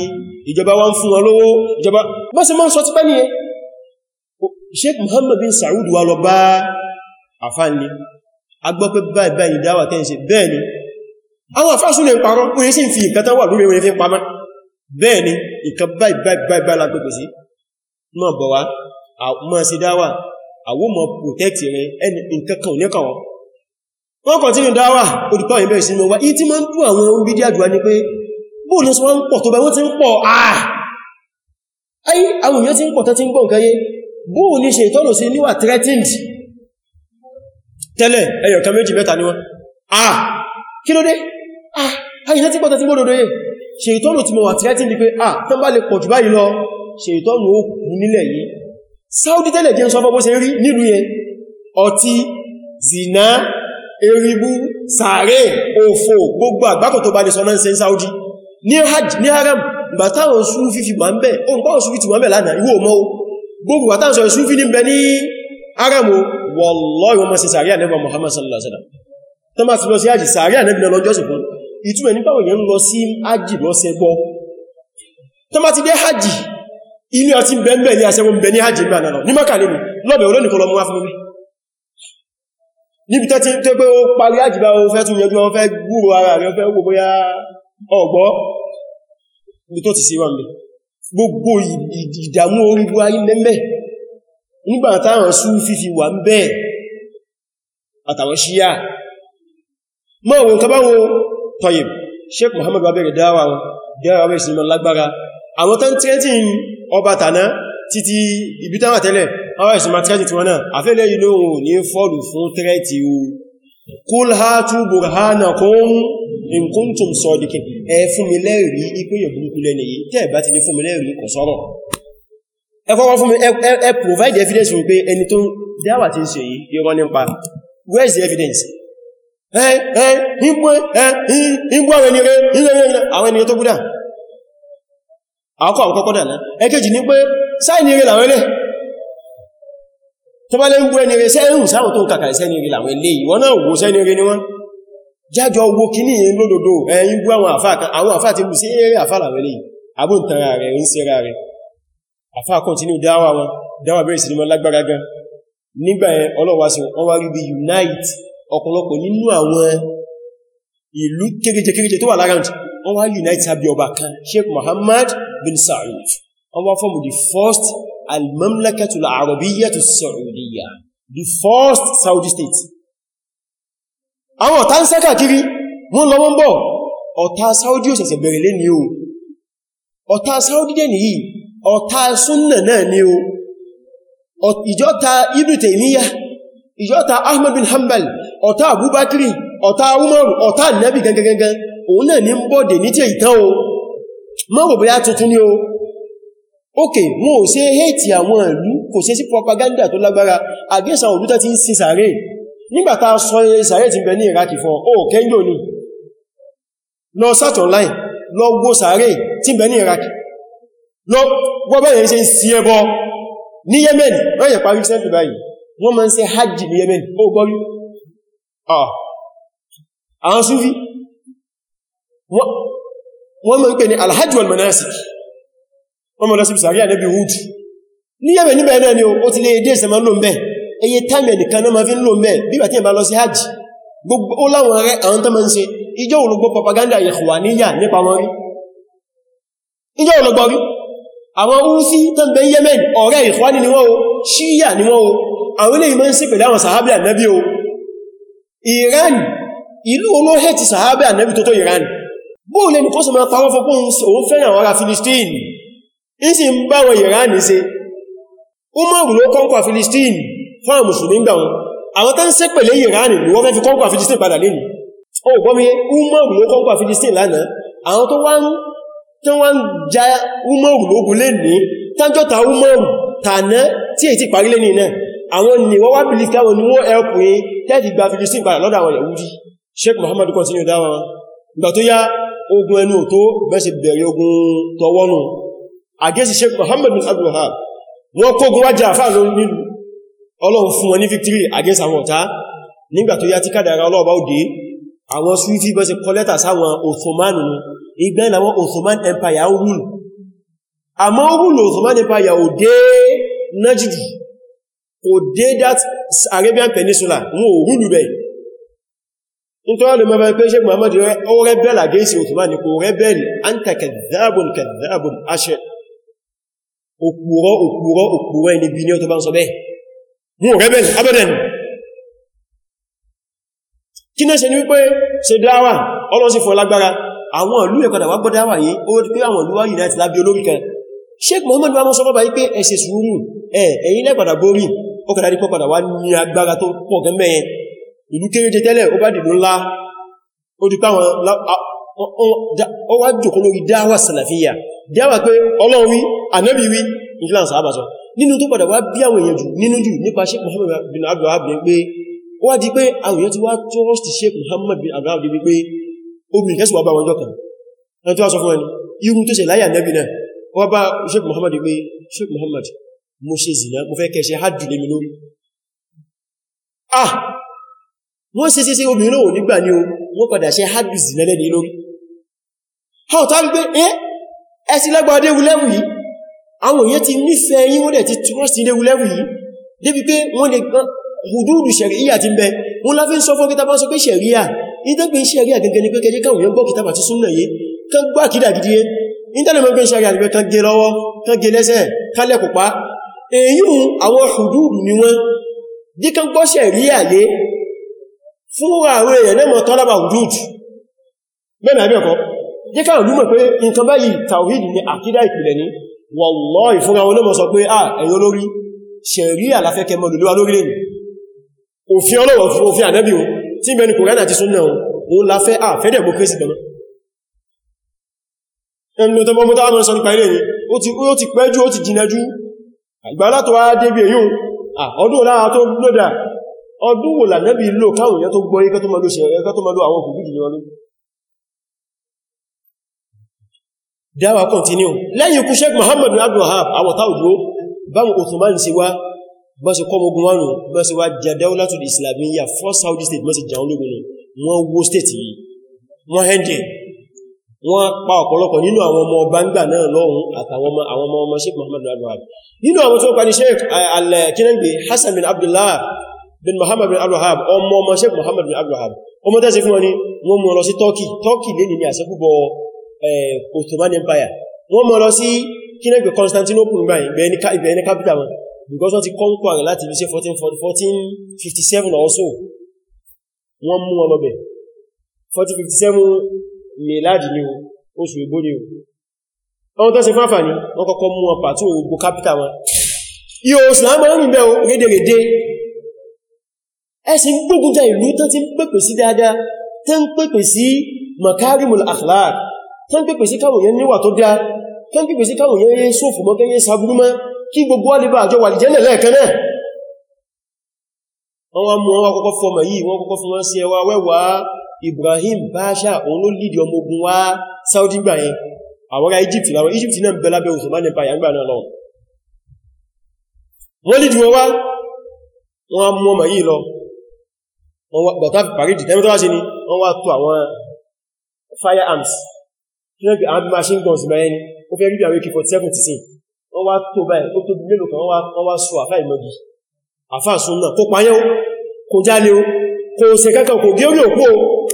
ìjọba wọn fún wọn lówó ìjọba mọ́sí mọ́ sọ Sheikh Muhammad bin Saud wa lọ bá àfáàní agbọ́pẹ́ báyìí dáwà tẹ́ àwọn àfáàsùn lè parọ́ oye sí fi ìkẹta wà lórí oye fi ń pamọ́ bẹ́ẹ̀ ni ìkan báyìí báyìí báyìí lágbègbè sí mọ́ bọ̀ wá mọ́ sí dáwà àwọ́ mọ́ protecti rẹ ẹni nǹkan kan ní kọ̀wọ́ wọ́n kọ̀ tí ní dáwà olùkọ́ ìbẹ̀ sí mọ́ wá yí tí máa ń bú àwọn ohun bí díàjúwa ni pé bóòlù sọ wọ́n pọ̀ tó bá wọ́n ti ń pọ̀ àà ayé àwọn èèyàn ti ń pọ̀ tó ti ń gbọ́ nǹkan yé bóòlù ṣe ìtọ́nù sí níwà threatened tẹ́lẹ̀ ẹyọ̀kan méjì mẹ́ta ni wọ́n àà kí ló dé ah ayìnà tí pọ̀tà tí mọ́ dòdó yìí ṣe ìtọ́nù tí mọ̀ wà tí ẹ́tí ní pé ah tán bá lè pọ̀ jù báyìí lọ ṣe ìtọ́nù ó kù nílẹ̀ yìí Saudi tẹ́lẹ̀ jẹ́ sọ fọ́bọ́ ṣe rí nílùú yẹn ọtí zina eribu sàárè òfò gbogbo àgbákò tó bá lè sọ náà ṣe Saudi ní hajj ní haram ìgbà táwọn súnfí fi máa ń bẹ̀ o nǹkan súnfí ti máa ń bẹ̀ lánàá ìwò mọ́ gbogbo àtàwọn o wallahi wọ́n mọ́ sí sàárè ànẹ́bà Muhammad sallallahu alaihi tó máa ti lọ sí àjì sàárì ànẹ́bìnà lọ́jọ́sìn fún ìtumẹ̀ nípa òyìn lọ sí àjì lọ sí ẹgbọ́ tó máa ti dé hajì ilé ọtí bẹ̀m̀bẹ̀ ní àṣẹwọ́ bẹ̀ ní hajì ìgbà náà mi níbi tẹ́tí tó pé ó parí àjì bá ó fẹ́ tún yẹjú wọn fẹ́ gbúrò ara rẹ̀ fẹ́ wò bóyá ọ̀gbọ́ ní tó ti síwọ́n mi gbogbo ìdàmú orí bu ayé mẹ́mẹ́ nígbà táwọn àtàwọn ṣíyà mọ́ òun kọ bá wọn tọ́yìn Sheikh Muhammad babere dáwà wọn dáwà wẹ́ sinimọ̀ lágbára àwọn tán tírẹ́tì ọba tàná títí ibi táwà tẹ́lẹ̀ àwọn ìsinmọ̀ tírẹ́tì tí wọ́n náà àfẹ́lẹ̀ yìí lóòrùn ní fọ́ọ̀lù fún tírẹ́tì o kul hatu burhanakum in kuntum sadiqin ẹ fún mi lẹ́rìí ipé yẹ̀ burúkú lẹ́ni yìí tẹ́ẹ̀ bá ti lè fún mi lẹ́rìí kò sọ́rọ̀ ẹ fọ́wọ́ fún mi ẹ provide evidence where is the evidence ìgbọ́ àwọn ènìyàn nire àwọn ènìyàn tó gúdà àkọ́ àwọn kọ́kọ́ dànà ẹkẹ́jì ní pé sáìnire làwọn ilé tó bá lè ń gbọ́ ẹnire sẹ́rùn sáwọn tó kàkà sẹ́nire làwọn ilé ìwọ́n náà wo sẹ́nire ni kan àwọn àfá ti bù sí eré àfá làwọn ilé àbò ń tanra rẹ̀ ń sera rẹ̀ àfá continue ni ọ̀pọ̀lọpọ̀ nínú àwọn ìlú kéréje kéréje tó wà lára ǹtí wọ́n wá unite àbí ọba kan Sheikh Muhammad bin Saud wọ́n wá fọ́mù the first al-mamlakatul to saudiya the first Saudi state àwọn ọ̀tá ń sákà kiri wọ́n lọ wọ́n bọ̀ ọ̀tá Saudi ò ṣẹ̀ṣẹ̀ bẹ̀rẹ̀ lé ní o ọ̀tá Saudi dẹ̀ nìyí ọ̀tá súnnà náà ní o ìjọ́ta Ibn Taymiyyah ìjọ́ta Ahmad bin Hanbal ọ̀tá àbúbákìrì ọ̀tá umaru ọ̀tá nẹ́bì gangan òun náà ní ń bọ́dẹ̀ ní tí ìtàn o mọ́wọ̀ bóyá tuntun ní o ok wọn ò ṣe hẹ́ẹ̀tì àwọn ìlú kò ṣe sí propaganda tó lágbára against àwọn ìlú tó ti ń sin sàárè nígbàtà sọ sàárè ti bẹ ní iraki fún ọ kẹ́yìn òní lọ search online lọ wo sàárè ti bẹ ní iraki lọ wọ́n bẹ̀rẹ̀ ṣe ń sí ẹbọ ní yemen wọ́n yẹ̀ parí sẹ́ntì báyìí wọ́n máa ń ṣe hajj ní yemen ó gbọ́rí àwọn súfí wọ́n mọ́ ń pè ní alhajj wal manasik wọ́n mọ́ lọ sí sàárì ànábì wood ní yẹ́bẹ̀ níbẹ̀ náà ni ó ti lè dé ìsẹ̀mọ́ ló ń bẹ̀ eye time ẹnìkan náà ma fi ń lò mẹ́ bí bàtí ẹ̀bá lọ sí hajj gbogbo ó láwọn rẹ̀ àwọn tó ma ń ṣe ìjọ olùgbò propaganda Ikhwaniyya nípa wọn rí ìjọ olùgbò rí àwọn Húsí tó ń bẹ Yemen ọ̀rẹ́ Ikhwani ni wọ́n o Shia ni wọ́n o àwọn ilé ìmọ̀ ń sí pẹ̀lú àwọn sàhábì ànábì o Iran ìlú olóhẹ́ ti sàhábẹ́ ànẹ́bì tó tó Iran bóò lẹ́nu kó sọmọ́ pàwọ́ fọ́pọ́ òun fẹ́ràn àwọn ará Filistine in sì ń bá wọn Iran ṣe ó mọ́ rùlọ kọ́nkọ́ Filistine fún àwọn mùsùlùmí gbà wọn àwọn tán sẹ́ pẹ̀lẹ̀ Iran ni wọ́n fẹ́ fi kọ́nkọ́ Filistine padà lẹ́nu ó gbọ́mí Umaru ló kọ́nkọ́ Filistine lánàá àwọn tó wá ń ja Umaru lógun lẹ́nu tánjọ́ta Umaru tàná tí èyí ti parí lẹ́nu náà àwọn ni wọ́n wá bìlì pé àwọn ni wọ́n ẹ̀kùn yí tẹ́ẹ̀dì gba Filistin padà lọ́dọ̀ àwọn Yahudi Sheikh Muhammad continue dáwọn ìgbà tó yá ogun ẹnu tó bẹ́sẹ̀ bẹ̀rẹ̀ ogun tọwọ́nù àgẹ́sì Sheikh Muhammad bin Abdul Wahab wọ́n kógun wá jà fáà lórí nílùú Ọlọ́run fún wọn ní victory àgẹ́sì àwọn ọ̀tá nígbà tó yá tí kádàrá Ọlọ́run bá òde àwọn Sufi bẹ́sẹ̀ kọlẹ́tà sáwọn Ottoman nù ìgbẹ́ làwọn Ottoman Empire rule àmọ́ Ottoman Empire ò dé kò dé that Arabian Peninsula wọn ò rúlù bẹ̀ nítorí lè mọ́fẹ́ pé ṣe Muhammadu ó rẹ́bẹ̀lì against Ottoman ni kò rẹ́bẹ̀lì anta kadhabun kadhabun ashir òpùrọ́ òpùrọ́ òpùrọ́ ẹni bí ní ọ̀tọ́ bá ń sọ bẹ́ẹ̀ wọn ò rẹ́bẹ̀lì abadan kí náà ṣe ní wípé ṣe dáwà ọlọ́sí fún lágbára àwọn ìlú ẹ̀kọ́dà wá gbọ́dáwà yìí ó pé àwọn ìlú wá united lábí olórí kan Sheikh Muhammadu wa mọ́ sọ bọ́bá yí pé ẹ ṣe sùúrù ẹ̀ ẹ̀yìn lẹ́gbàdà borí ó kàdá dípọ̀ padà wá ní agbára tó pọ̀ gẹ́mẹ́ yẹn ìlú kéréje tẹ́lẹ̀ ó bá dìlú ńlá ó dúpá wọn ó wá jòkó lórí dáwà sàlàfíyà dáwà pé ọlọ́run wí ànábì wí ìjìlán sàábàsọ nínú tó padà wá bí àwọn èèyàn jù nínú jù nípa Sheikh Muhammad bin Abdul Wahab pé ó wá di pé àwọn èèyàn ti wá trust Sheikh Muhammad bin Abdul Wahab bí pé obìnrin kẹsì wà bá wọn jọkàn ẹni tó wá sọ fún ẹni irun tó ṣe láyà nẹ́bì náà wọ́n bá Sheikh Muhammad pé Sheikh Muhammad mo ṣe zìnà mo fẹ́ kẹsẹ̀ hajjù lé mi lórí ah wọ́n ṣe ṣe ṣe obìnrin ò nígbà ní o wọ́n padà ṣe hajjù zìnà lẹ́ni lórí ha ọ̀tá wípé ẹ́ ẹsì lágbàdé wulẹ́wù yìí àwọn èèyàn ti nífẹ̀ẹ́ yín wọ́n dẹ̀ ti trust ilé wulẹ́wù yìí débi pé wọ́n lè gbọ́n hùdúùdù ṣẹ̀ríyà ti ń bẹ wọ́n láfí ń sọ fún kítàbá sọ pé ṣẹ̀ríyà ìdẹ́gbẹ̀ ṣẹ̀ríyà gẹ́gẹ́ ni pé kẹjẹ́ káwọn èèyàn gbọ́ kítàbá ti súnnà yìí kan gbá kìdà gidi yìí ìdẹ́lẹ̀mọ́ pé ṣẹ̀ríyà ni pé kan gé lọ́wọ́ kan gé lẹ́sẹ̀ kálẹ̀ kópa èyún àwọn hùdúdù ni wọ́n díkan gbọ́ṣẹ̀ rí àyé fún àwọn èèyàn náà mọ̀ tọ́lábà hùdúdù bẹ́ẹ̀ àbí ọkọ̀ díkan ìlú mọ̀ pé nǹkan báyìí tàwídì ni àkídà ìpìlẹ̀ ni wallahi fún àwọn onímọ̀ sọ pé à ẹ̀yìn olórí ṣẹ̀rí àlàfẹ́kẹ́ mọ̀ lòlúwa lórí lẹ́nu òfin ọlọ́wọ̀ fún òfin ànẹ́bí wọn tí ń bẹni kòrán àti súnnà òun láfẹ́ àfẹ́ democracy bẹ̀rẹ̀ ẹni tó bọ́ mọ́ta wọn sọ nípa ilé ni ó ti pẹ́jú ó ti jìnàjú ìgbàlá tó wá débi èyún ọdún lára tó lódà ọdún wò lànẹ́bí lò káwọn èèyàn tó gbọ́ ikẹ́ tó mọ́lú ṣẹ̀rẹ̀ ikẹ́ tó mọ́lú àwọn òkú gidi lọ́lú dáwà kọntínú lẹ́yìn ikú Sheikh Muhammadu Abdulwahab àwọ̀tá òdó báwọn Othman sí wá bá ṣe kọ́ mogun wánu bá ṣe wá jẹ Dawlatul Islamiyya first Saudi state mọ́ sí jàun lógun wọn wó state yìí wọ́n hẹ́ndẹ̀ wọ́n pa ọ̀pọ̀lọpọ̀ nínú àwọn ọmọ ọba ńgbà náà lọ́hùn àtàwọn ọmọ ọmọ sheik muhammadu al-wahab nínú àwọn tí ó pa ní sheik eh, al-kinagbe eh, hassan bin abdullah bin muhammad bin al-wahab ọmọ ọmọ sheik muhammad bin al-wahab ọmọ tẹ́sí fún wọn ni wọ́n mú lọ sí turkey turkey lè ní àṣẹ́kúbọ̀ eh, ottoman empire wọ́n mú lọ sí kinagbe constantinople ibẹ̀ ní capital wọn because wọ́n ti kọ́ńkọ́ rẹ̀ láti ibi sí 1457 or so wọ́n mú wọn lọ bẹ̀ 1457 mìláàdì ni o oṣù ìgbó ni o ọmọ tó ṣe fáfà ní wọ́n kọ́kọ́ mú wọn pàtó ògbò kápítà wọn yíò oṣù láàmà ń rìnbẹ̀ rédèrèdè ẹ̀sìn gbógunjà ìlú tó ti ń pèpè sí dáadáa tó ń pèpè sí makarimul akhlaq tó ń pèpè sí káwòyàn níwà tó dá tó ń pèpè sí káwòyàn yẹ sófù mọ́ kẹ́yẹ sàbúrú mọ́ kí gbogbo alìbà àjọ wà lìjẹ́ lẹ́ẹ̀kan náà wọ́n wá mú wọn kọ́kọ́ fọmọ yìí wọ́n kọ́kọ́ fún wọn sí ẹwà wẹ́wàá Ibrahim Pasha òun ló lìdí ọmọ ogun wá Saudi gbà yẹn àwọn Egypt láwọn Egypt náà bẹ lábẹ́ Osman Empire àgbà náà lọ wọ́n lìdí wọn wá wọ́n mú ọmọ yìí lọ bàtà paridi tẹ́mẹ́tọ́ wá sí ni wọ́n wá tó àwọn firearms tí wọ́n fi àwọn machine guns bẹ̀rẹ̀ ni ó fẹ́ ríbi àwọn AK-47 ti sin wọ́n wá tó báyìí ó tó bí mélòó kan wọ́n wá sọ àfá ìmọ̀gì àfá àsúnnà kó payẹ́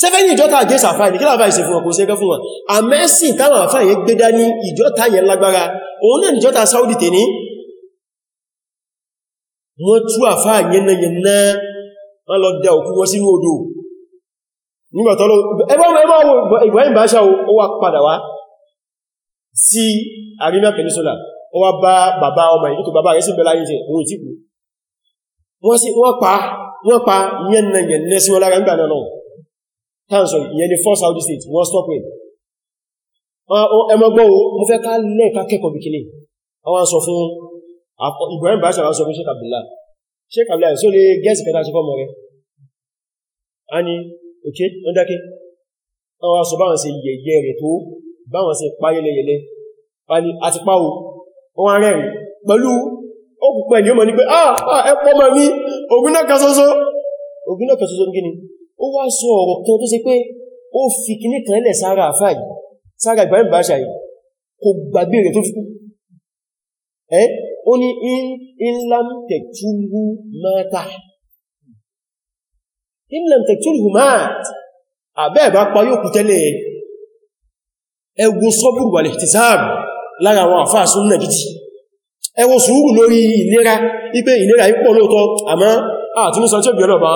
sẹ́fẹ́ni ìjọta àgẹ́sà àfáà ní kí láàbá ìṣẹ́ fún ọkùn sí ẹgbẹ́ fún wọn àmẹ́sìn táwọn àfáà yẹn gbé dá ní ìjọta yẹn lágbára òun náà ìjọta Saudi tẹ̀ ní wọ́n tú àfáà yẹnayẹna wọ́n lọ dá òkú wọn sínú odò nígbàtọ́lọ́ wọ́n pa yẹnayẹna sí wọn lára nígbà náà hanson ìyẹn ni first Saudi state wọ́n stop him oh, ẹmọgbọ́ o mo fẹ́ ká lẹ́ẹ̀ká kẹ́kọ̀ọ́ bí kìíní àwọn sọ fún Ibrahim Bashir àwọn sọ fún Sheikh Abdullah Sheikh Abdullah so lè gẹ́ẹ̀sì kẹta ṣe fọ́mọ rẹ̀ a ní òkè ń dákẹ́ àwọn sọ báwọn ṣe yẹ̀yẹ́ rẹ̀ tó báwọn ṣe pa yẹlẹyẹlẹ a ní àti pa o wọn rẹ̀ pẹ̀lú ó pẹ̀lú ọmọ ní pé ah, ah ẹ̀pọ̀ mọ̀ mi ògùn náà kan ṣoṣo ògùn náà ó wá sọ ọ̀rọ̀ kan tó ṣe pé ó fi kíní kan lẹ̀ sára àfáà yìí sára Ibrahim Basha yìí kò gbàgbé rẹ̀ tó fi kú ẹ́ ó ní inlam tẹ̀túrú mata inlam tẹ̀túrú mata àbẹ́ ẹ̀bá parí òkú tẹ́lẹ̀ ẹgbó sọ́bùrù wà lè ti sáàbù lára àwọn àfáà sún náà gidi ẹwọ sùúrù lórí ìlera ipé ìlera ipò lóòtọ́ àmọ́ àtúnúsọ tí ó bí ọlọ́bàá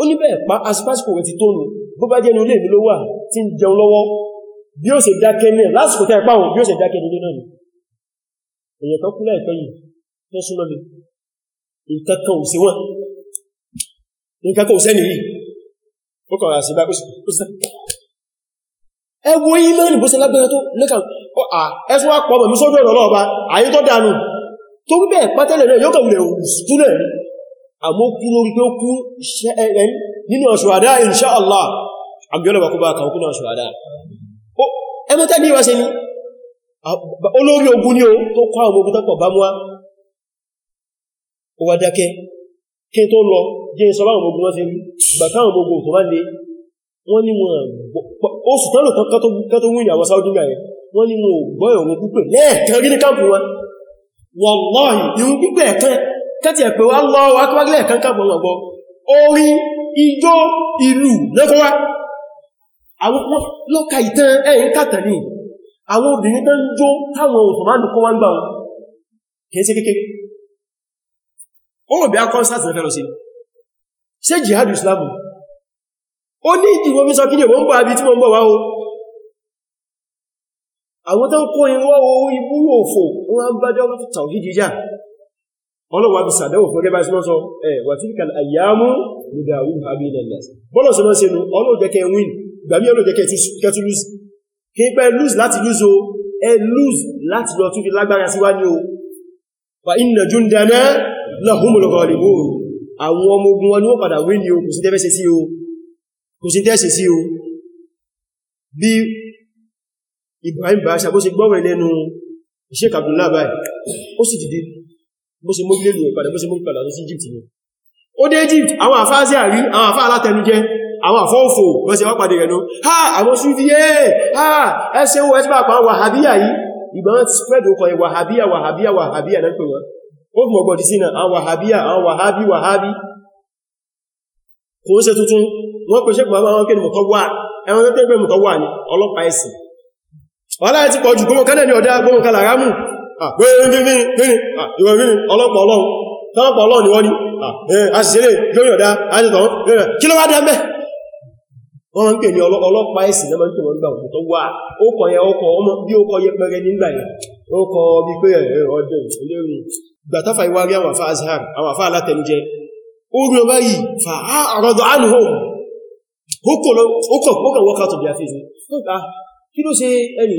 ó ní bẹ́ẹ̀ pa asipasiko rẹ̀ ti tó nù bó bá jẹ́ nílé mi ló wà tí ń jẹun lọ́wọ́ bí ó ṣe dákẹ́ mẹ́ lásìkò tẹ́ pàwọn bí ó ṣe dákẹ́ nílé náà ni èyàn kan kúlẹ̀ ìpẹ́ yìí tó súnmọ́ mi nǹkan kan ò sí wọn nǹkan kan ò sẹ́ni yìí ó kàn rà sí bá ẹ wo yí mẹ́rin bó ṣe lágbára tó lẹ́kàn ẹ̀sùn àpọ̀ mọ̀ mi sójú ọ̀rọ̀ ọlọ́ọ̀ba àyíntọ́ dànù tó bẹ́ẹ̀ pátẹ́lẹ̀ náà yóò kàn wùlẹ̀ òwúsùtúlẹ̀ àmókú lórí pé ó kú ṣẹ́ẹ̀rẹ̀n nínú ṣùhádà insha Allah àbíọ́lọ̀wà kó bá kàwọ́ kú náà ṣùhádà ẹmọ́ta ní ìwáṣẹ́ ni olórí ogun ní o tó kọ́ àwọn ogun tọ́pọ̀ bá múwá ó wá dákẹ́ kí tó lọ jẹ́ sọ bá àwọn ogun wọ́n ti gbà káwọn ogun tó bá lè kẹ́tì ẹ̀ pé wá lọ akọ́gbẹ́lẹ̀ kankan gbọ́n gbọ́ orin ijó ìlú lẹ́kọ́wá àwọn lọ́ka ìtàn ẹ̀yìn kàtà ní àwọn obìnrin tó ń jó táwọn òfòmánù kó wá ń gbà wọn kìí sí kéèké ó bí a kọ́nsáàtì ní jihadu islamu ó ní ìdíwọ́ mi sọ kí ní wọ́n gbà bí tí wọ́n gbà wá o àwọn tó ń kó ìwọ́ owó ibú òfò wọ́n bá jọ́ tàwí jíjà ọlọ́wà bí sàdẹ́wò fún ẹgbẹ́ sí mọ́sọ ẹ̀ wà tí kàl àyàmú ní dáwù abinandas bọ́lọ̀ sí mọ́sí inú ọlọ́jẹ́kẹ́ win gbàmí ọlọ́jẹ́kẹ́ tún lose kí pẹ́ lose láti lose o ẹ lose láti lọ tún fi lágbára sí wá ní o fa inna jundana lahumul ghalibun àwọn ọmọ ogun wọn ni wọ́n padà win ni o kò sí tẹ́fẹ́ sí o kò sí tẹ́sẹ̀ sí o bí Ibrahim bá ṣàbóṣe gbọ́rẹ̀ lẹ́nu Sheikh Abdullah báyìí ó sì dìde bó ṣe mójúlé lè padà bó ṣe mójú padà lọ sí Egypt ni ó dé Egypt àwọn àfáà sí àrí àwọn àfáà alátẹnujẹ àwọn àfọ́òfò wọ́n ṣe wá padà rẹ̀ náà ha àwọn súfíyẹ́ ha ẹsẹ̀ wọ́n ẹsẹ̀ pàpà wàhábíyà yìí ìbọn ti spread okọ̀ wàhábíyà wàhábíyà wàhábíyà náà pè wọ́n ó fún ọgbọ̀dì sí náà àwọn wàhábíyà àwọn wàhábí wàhábí kò ń ṣe tuntun wọ́n pèsè pàpà wọn kéde mọ̀tọ́ wà ẹwọn tẹ́tẹ́ pẹ́ mọ̀tọ́ wà ní ọlọ́pàá ẹ̀sìn wàhálà ti pọ̀ jù gbọ́mọ̀kánà ní ọ̀dá gbọ́mọ̀kánà rámù Ah, ah, ọlọ́pàá ọlọ́run tọ́lọ́pàá ọlọ́run ni wọ́n ni àṣìṣẹ́lẹ̀ ah, eh, lórí ọ̀dá àjẹ́tọ̀ kí ló wá dá mẹ́ wọ́n ń pè ní ọlọ́pàá ẹ̀sìn lẹ́mọ́ tó wọ́n gbà òkú tó wà ó kọ yẹ ọkọ̀ ọmọ bí ó kọ yẹ pẹ̀rẹ nígbà yẹn ó kọ bí pé eh, eh, ọdún olórin gbàtọ́fà ìwárí àwọn àfá azhar àwọn àfá alátẹnujẹ ó rí ọba yìí fa àrọ̀dọ̀ ánìhò ó kọ̀ wọ́kàtọ̀ bí a fi ṣe kí ló ṣe ẹni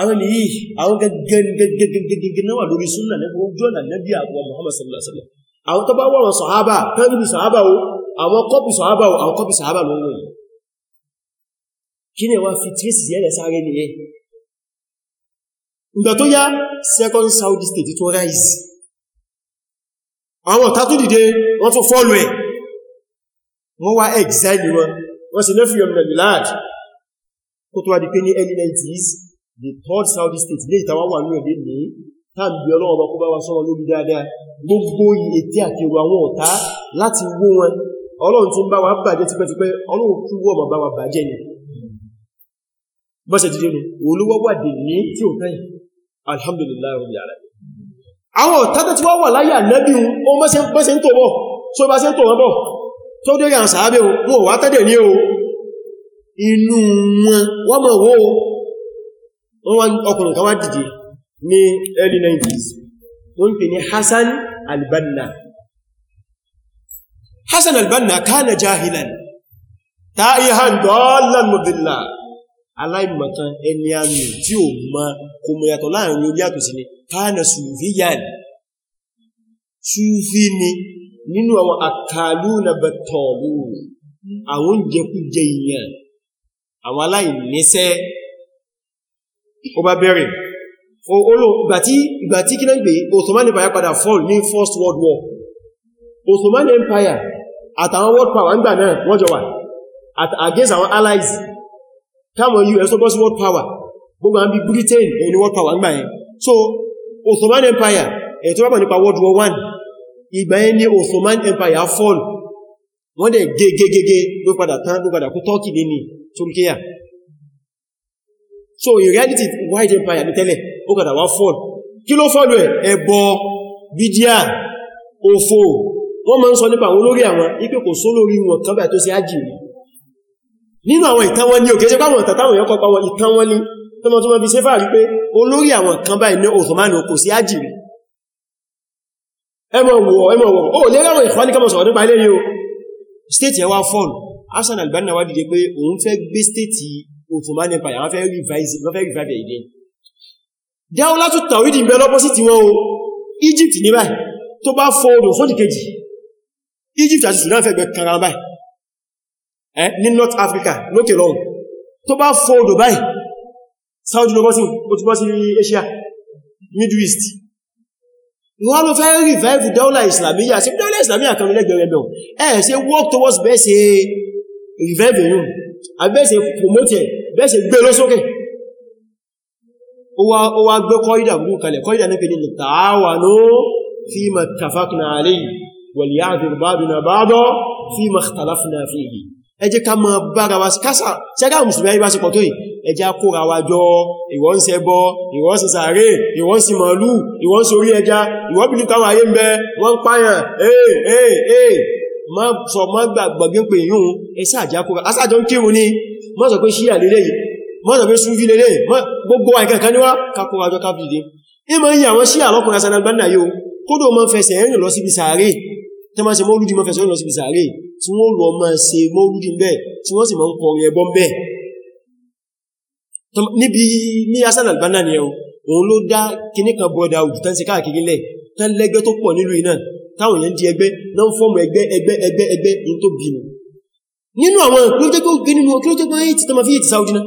àwọn yìí àwọn gẹ́gẹ́gẹ́gẹ́gẹ́gẹ́ náà wà lórí súnnà lẹ́gbọ́n ojú ọ̀nà lẹ́bí àwọn Muhammad sallallahu alaihi wasallam àwọn tó bá wà wọn sọ̀hábà tẹ́lú sọ̀hábà o àwọn kọ́pì sọ̀hábà o àwọn kọ́pì sọ̀hábà ló wọ́n yìí kí ni wọ́n fi tírísì yẹ́lẹ̀ sáré ni yẹn ìgbà tó yá second Saudi state tó rise àwọn ọ̀tá tó dìde wọ́n tún fọ́lù ẹ̀ wọ́n wá exile wọn wọ́n sì lẹ́fì nàìjíríà kó tó wá di pé ní early 90s the third Saudi state lè ìtawà wà ní ẹ̀dẹ́ ní tàbí ọlọ́ọ̀bá kó bá wa sọ́rọ̀ lórí dáadáa gbogbo ètí àti ìwà àwọn ọ̀tá láti wó wọn ọlọ́run tí ń bá wa bàjẹ́ tipẹ́tipẹ́ ọlọ́run kú wọ́ ma bá wa bàjẹ́ ni bọ́sẹ̀ jíjẹ́ ni olówó wà dè ní tí ò tẹ́yìn alhamdulillah rabbil alamin àwọn ọ̀tá tó ti wá wà láyé ànábì ó mọ́sẹ̀ ń tò bọ̀ tó bá sẹ́ tò wọ́n bọ̀ tó dé yàn sàábẹ̀ wọn wà tẹ́dẹ̀ ní o inú wọn wọ́n mọ̀ wọ́n ọkùnrin kan wá dìde ní early 90s wọ́n pè ní Hassan al-Banna Hassan al-Banna kana jahilan ta'ihan dallan mudilla aláìmọ̀kan ẹni àmì tí ó ma kò mọ̀ yàtọ̀ láàrin orí àtò sí ni kana sufiyan sufi ni nínú àwọn akaluna bataluna àwọn jẹkújẹ ìyàn àwọn aláìníṣẹ́ ó bá bẹ̀rẹ̀ olóògbàtí ìgbàtí kí náà gbé Ottoman Empire padà fall ní First World War Ottoman Empire àtàwọn world power ń gbà náà wọ́n jọ wà against our allies káwọn US ọgbọ́n sí world power gbogbo àwọn bí Britain èyí ni world power ń gbà yẹn so Ottoman Empire èyí tó bá nípa World War One. ìgbà yẹn ni Ottoman Empire fall wọ́n dẹ̀ gẹ́gẹ́gẹ́gẹ́ ló padà tán ló padà kú Turkey lé ní Turkey so in reality wide empire ní tẹ́lẹ̀ ó padà wá fall kí ló fall ẹ̀ ẹbọ bídíà òfò wọ́n máa ń sọ nípa àwọn olórí àwọn ipé kò só lórí wọn kan báyìí tó sí ájì nínú àwọn ìtàn wọn ní òkè ṣe páwọn ìtàn táwọn èèyàn kọpa wọn ìtàn wọn ní tó mọ́ tó mọ́ bí sẹ́fà wípé olórí àwọn kan báyìí ní Osman kò sí ájì rí ẹmọ wọ ẹmọ wọ ó lé ráwọn ìfà ní kọmọ sọ̀rọ̀ nípa ilé yìí o state ẹwà fọ́ọ̀lù Hassan al-Banna wá dìde pé òun fẹ́ gbé state Ottoman Empire wọ́n fẹ́ revise wọ́n fẹ́ revive ẹ̀ again dáwọ́ látò tàwí dìbẹ̀ lọ́pọ̀sí ti wọ́n o Egypt ní báyìí tó bá fọ́ odò fọ́dì kejì Egypt àti Sudan fẹ́ gbẹ karan báyìí eh, ní North Africa lókè lọ́hùn tó bá fọ́ odò báyìí Saudi lọ́pọ̀sí otubọ́sí Asia Middle East wọ́n ló fẹ́ revive dáwọ́lá Islamiyya sí dáwọ́lá Islamiyya kan lẹ́gbẹ̀rẹ̀gbẹ̀ ẹ̀ ṣe work towards bẹ́ẹ̀ ṣe revive yìí àbẹ́ẹ̀ ṣe promoted bẹ́ẹ̀sẹ̀ gbé lọ sókè ó wá gbé kọ́ídà gún kalẹ̀ kọ́ídà ní pẹ̀lú tààwànó fi ma tafakna alayhi wal ya'dhir ba'duna ba'da fi ma ikhtalafna fihi ẹ jẹ́ ká ma bára wa kásà ṣẹ́gá musulmi ayé bá sí pọ̀tọ́ ẹ jẹ́ kóra wa jọ ìwọ́n ṣe bọ ìwọ́n ṣe sàárè ìwọ́n ṣe màálù ìwọ́n ṣe orí ẹja ìwọ́n bí ní káwọn ayé ń bẹ wọ́n pààyàn má sọ pé ṣíyà lélẹ̀ yìí má sọ pé súnfí lélẹ̀ yìí gbogbo àìkẹ́kẹ́ níwá kakọwàjọ kábìdì ní ma ń yà wọ́n ṣíyà lọ́kùnrin Hasan al-Banna yóò kódò ma ń fẹsẹ̀ ẹ̀rìn lọ síbi sàárè tí ma ṣe mọ́lúdí ma fẹsẹ̀ ẹ̀rìn lọ síbi sàárè tí wọ́n lọ ma ṣe mọ́lúdí bẹ́ẹ̀ tí wọ́n sì ma ń kọrin ẹbọ bẹ́ẹ̀ níbi ní Hasan al-Banna ni òun ló dá kíníkan bọ́dà òjù tán sí káàkiri lẹ̀ tán lẹ́gbẹ́ tó pọ̀ nílùú iná táwọn èèyàn di ẹgbẹ́ náà fọ́ọ̀mù ẹgbẹ́ ẹgbẹ́ ẹgbẹ́ ẹgbẹ́ in tó bìnú nínú àwọn ìpínlẹ̀ tó gẹ́ nínú kí ló jẹ́ pé èyí tí ma fi èyí ti Saudi náà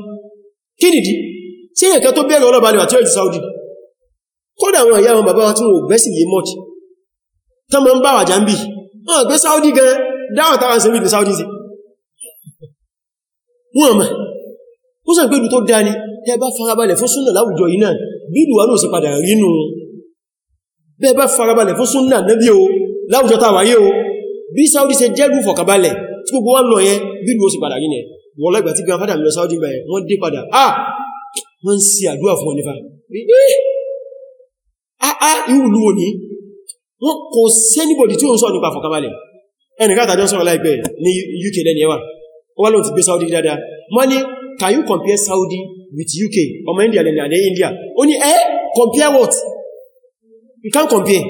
kí nìdí tí èyàn kan tó bẹ̀rẹ̀ ọlọ́balẹ̀ àti ọ̀rẹ́ ti Saudi kódà àwọn ìyá àwọn bàbá tí wọ́n gbẹ́sì yé mọ́t tó ma ń bá wà jàmbì wọ́n gbé Saudi gan dáwọn tàwọn sí wípé Saudi sí wọ́n mọ̀ ó sàn pé ìlú tó dá ní ẹ bá farabalẹ̀ fún súnà láwùjọ yìí náà bí ìlú wa náà sì padà rínú bẹ́ẹ̀ bá farabalẹ̀ fún súnà náà bí o láwùjọ tàwáyé o bí Saudi ṣe jẹ́rù fọ̀kàbalẹ̀ tí gbogbo wọn lọ yẹn bí ló sì padà rí nìyẹn wọ́n lẹ́gbàá tí grandfather lọ Saudi gbà yẹn wọ́n dé padà ah wọ́n ń ṣe àdúrà fún wọn nífà eh! ah ah irú ìlú wọn ni wọ́n kò sẹ́nibọ̀dì tí ó ń sọ nípa àfọ̀kàbalẹ̀ ẹnìkan àtàjọ́ sọ̀rọ̀ láìpẹ́ ní UK lẹ́ni ẹwà ó wá lóun ti gbé Saudi dáadáa wọ́n ní can you compare Saudi with UK ọmọ India lẹ́ni àdé India ó ní eh compare what you can't compare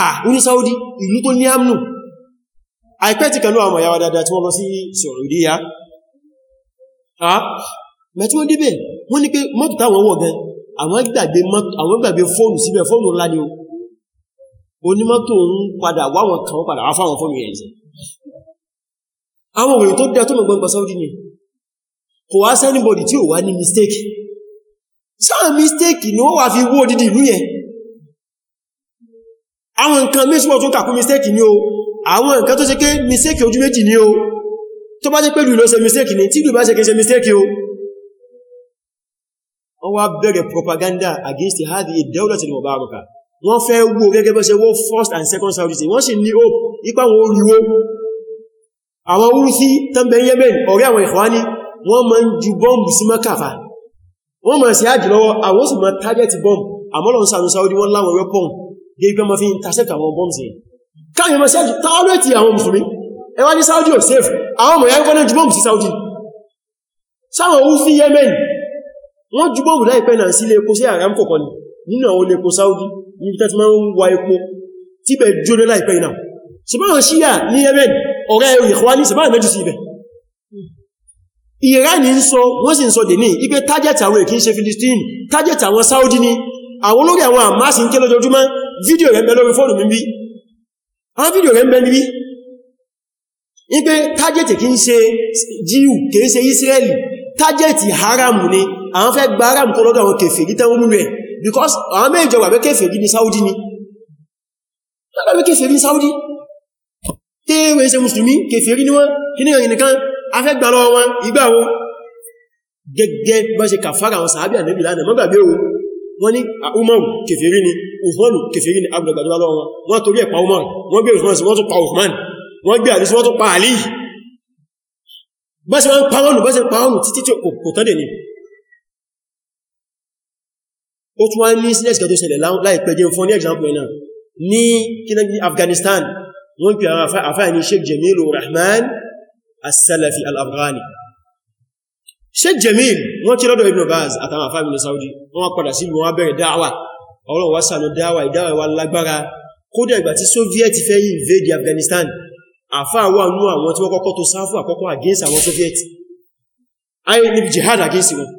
ah ó ní Saudi ìlú tó ní àmnù àìpẹ́ ti kẹlú àwọn ìyàwó dáadáa tí wọ́n lọ sí Saudiya mẹ́tí wọ́n débẹ̀ wọ́n ní pé mọ́tò táwọn wọ̀ gan àwọn gbàgbé fóònù síbẹ̀ fóònù ńlá ni onímọ́tò ń padà wáwọn kan padà wá fáwọn fóònù yẹn àwọn òyìn tó dá tó mọ̀ gbọ́ngbà Saudi ni kò wá sẹ́nibọ̀dì tí ò wá ní mistake sáà mistake ni wọ́n wà fi wó dídì ìlú yẹn àwọn nǹkan mẹ́sùmọ̀ tó kàkún mistake ni o àwọn nǹkan tó ṣe pé mistake ojú méjì ní o tó bá jẹ́ pé lù lọ ṣe mistake ní tí lù bá ṣe kí mistake o wọ́n wá bẹ̀rẹ̀ propaganda against the hadi ad-dawlati al-mubarakah wọ́n fẹ́ wo gẹ́gẹ́ bọ́ ṣe wó first and second Saudi state wọ́n sì ní hope ipa wọn oríwó àwọn Houthi tẹ́m̀bẹ̀ Yemen ọ̀rẹ́ àwọn Ikhwani wọ́n máa ń ju bọ́m̀bù sí makafa wọ́n máa sí ájì lọ́wọ́ àwọn sì máa target bomb àmọ́lọ̀ ń Saudi wọ́n láwọn rẹ́pọ̀n gẹ́gẹ́ ma fi intercept àwọn bombs yìí káàkiri mọ́ sẹ́jù tààlẹ́tì àwọn mùsùlùmí ẹwà ní Saudi ò safe àwọn ọmọ yàrí kọ́nà jùbọ́mù sí Saudi sáwọn owó fi Yemen wọ́n jùbọ́mù láìpẹ́ náà sí lẹ́kọ́ sí Aramco kan nínú àwọn lẹ́kọ́ Saudi níbi tẹ́tí máa ń wa epo tí bẹ̀ jóná Shia ní Yemen ọ̀rẹ́ ẹ̀rù Ikhwani ṣùgbọ́n mẹ́jù Iran ń sọ wọ́n sì ń sọ dèní ipé target àwọn èkí Saudi ni àwọn olórí àwọn àmáàsì ń ké lójoojúmọ́ fídíò rẹ̀ àwọn fídíò rẹ̀ ń bẹ́ni bí ní pé tájẹ̀tì kí ń ṣe jíù kìí ṣe Ísírẹ́lì tájẹ̀tì haramu ni àwọn fẹ́ gba haramu kó lọ́dọ̀ àwọn kèfèrí tẹ́wọ́n mú rẹ̀ because àwọn mẹ́jọ wà pé kèfèrí ní Saudi ni wọ́n pé kèfèrí ní Saudi tẹ́wẹ́ ṣe mùsùlùmí kèfèrí ni wọ́n kí ní ìrìn nìkan afẹ́ gbà lọ́wọ́ wọn ìgbà wo gẹ́gẹ́ bọ́ ṣe kàfàrà àwọn sàábì ànẹ́bì lánàá mọ́gbàgbé ohun wọ́n ní ah, umaru kèfèrí ni usmanu kèfèrí ni agbẹ̀gbàjọ́ lọ́wọ́ wọn wọ́n torí ẹ̀pa umaru wọ́n gbé usman sí wọ́n tún pa usman wọ́n gbé àdúsí wọ́n tún pa àlì bẹ́sẹ̀ wọ́n parọ́nù bẹ́sẹ̀ parọ́nù títí tí kò tọ́dẹ̀ ni ó tún wá ní sílẹ̀ ìsìnkà tó ṣẹlẹ̀ láìpẹ́ jẹ́ fún ní example náà ní kílẹ̀ ní Afghanistan wọ́n pè àwọn àfáà ní Sheikh Jamilu Rahman as-Salafi al-Afghani Sheikh Jamil wọ́n tí lọ́dọ̀ Ibn Baz àtàwọn àfáàmì ní Saudi wọ́n padà sí wọ́n bẹ̀rẹ̀ dáwà ọlọ́run wá sànú dáwà ìdáwà wà lágbára kódà ìgbà tí Soviet fẹ́ invade Afghanistan àfáà wà nú àwọn tí wọ́n kọ́kọ́ tó sáfù àkọ́kọ́ against àwọn Soviet ayé níbi jihad against wọn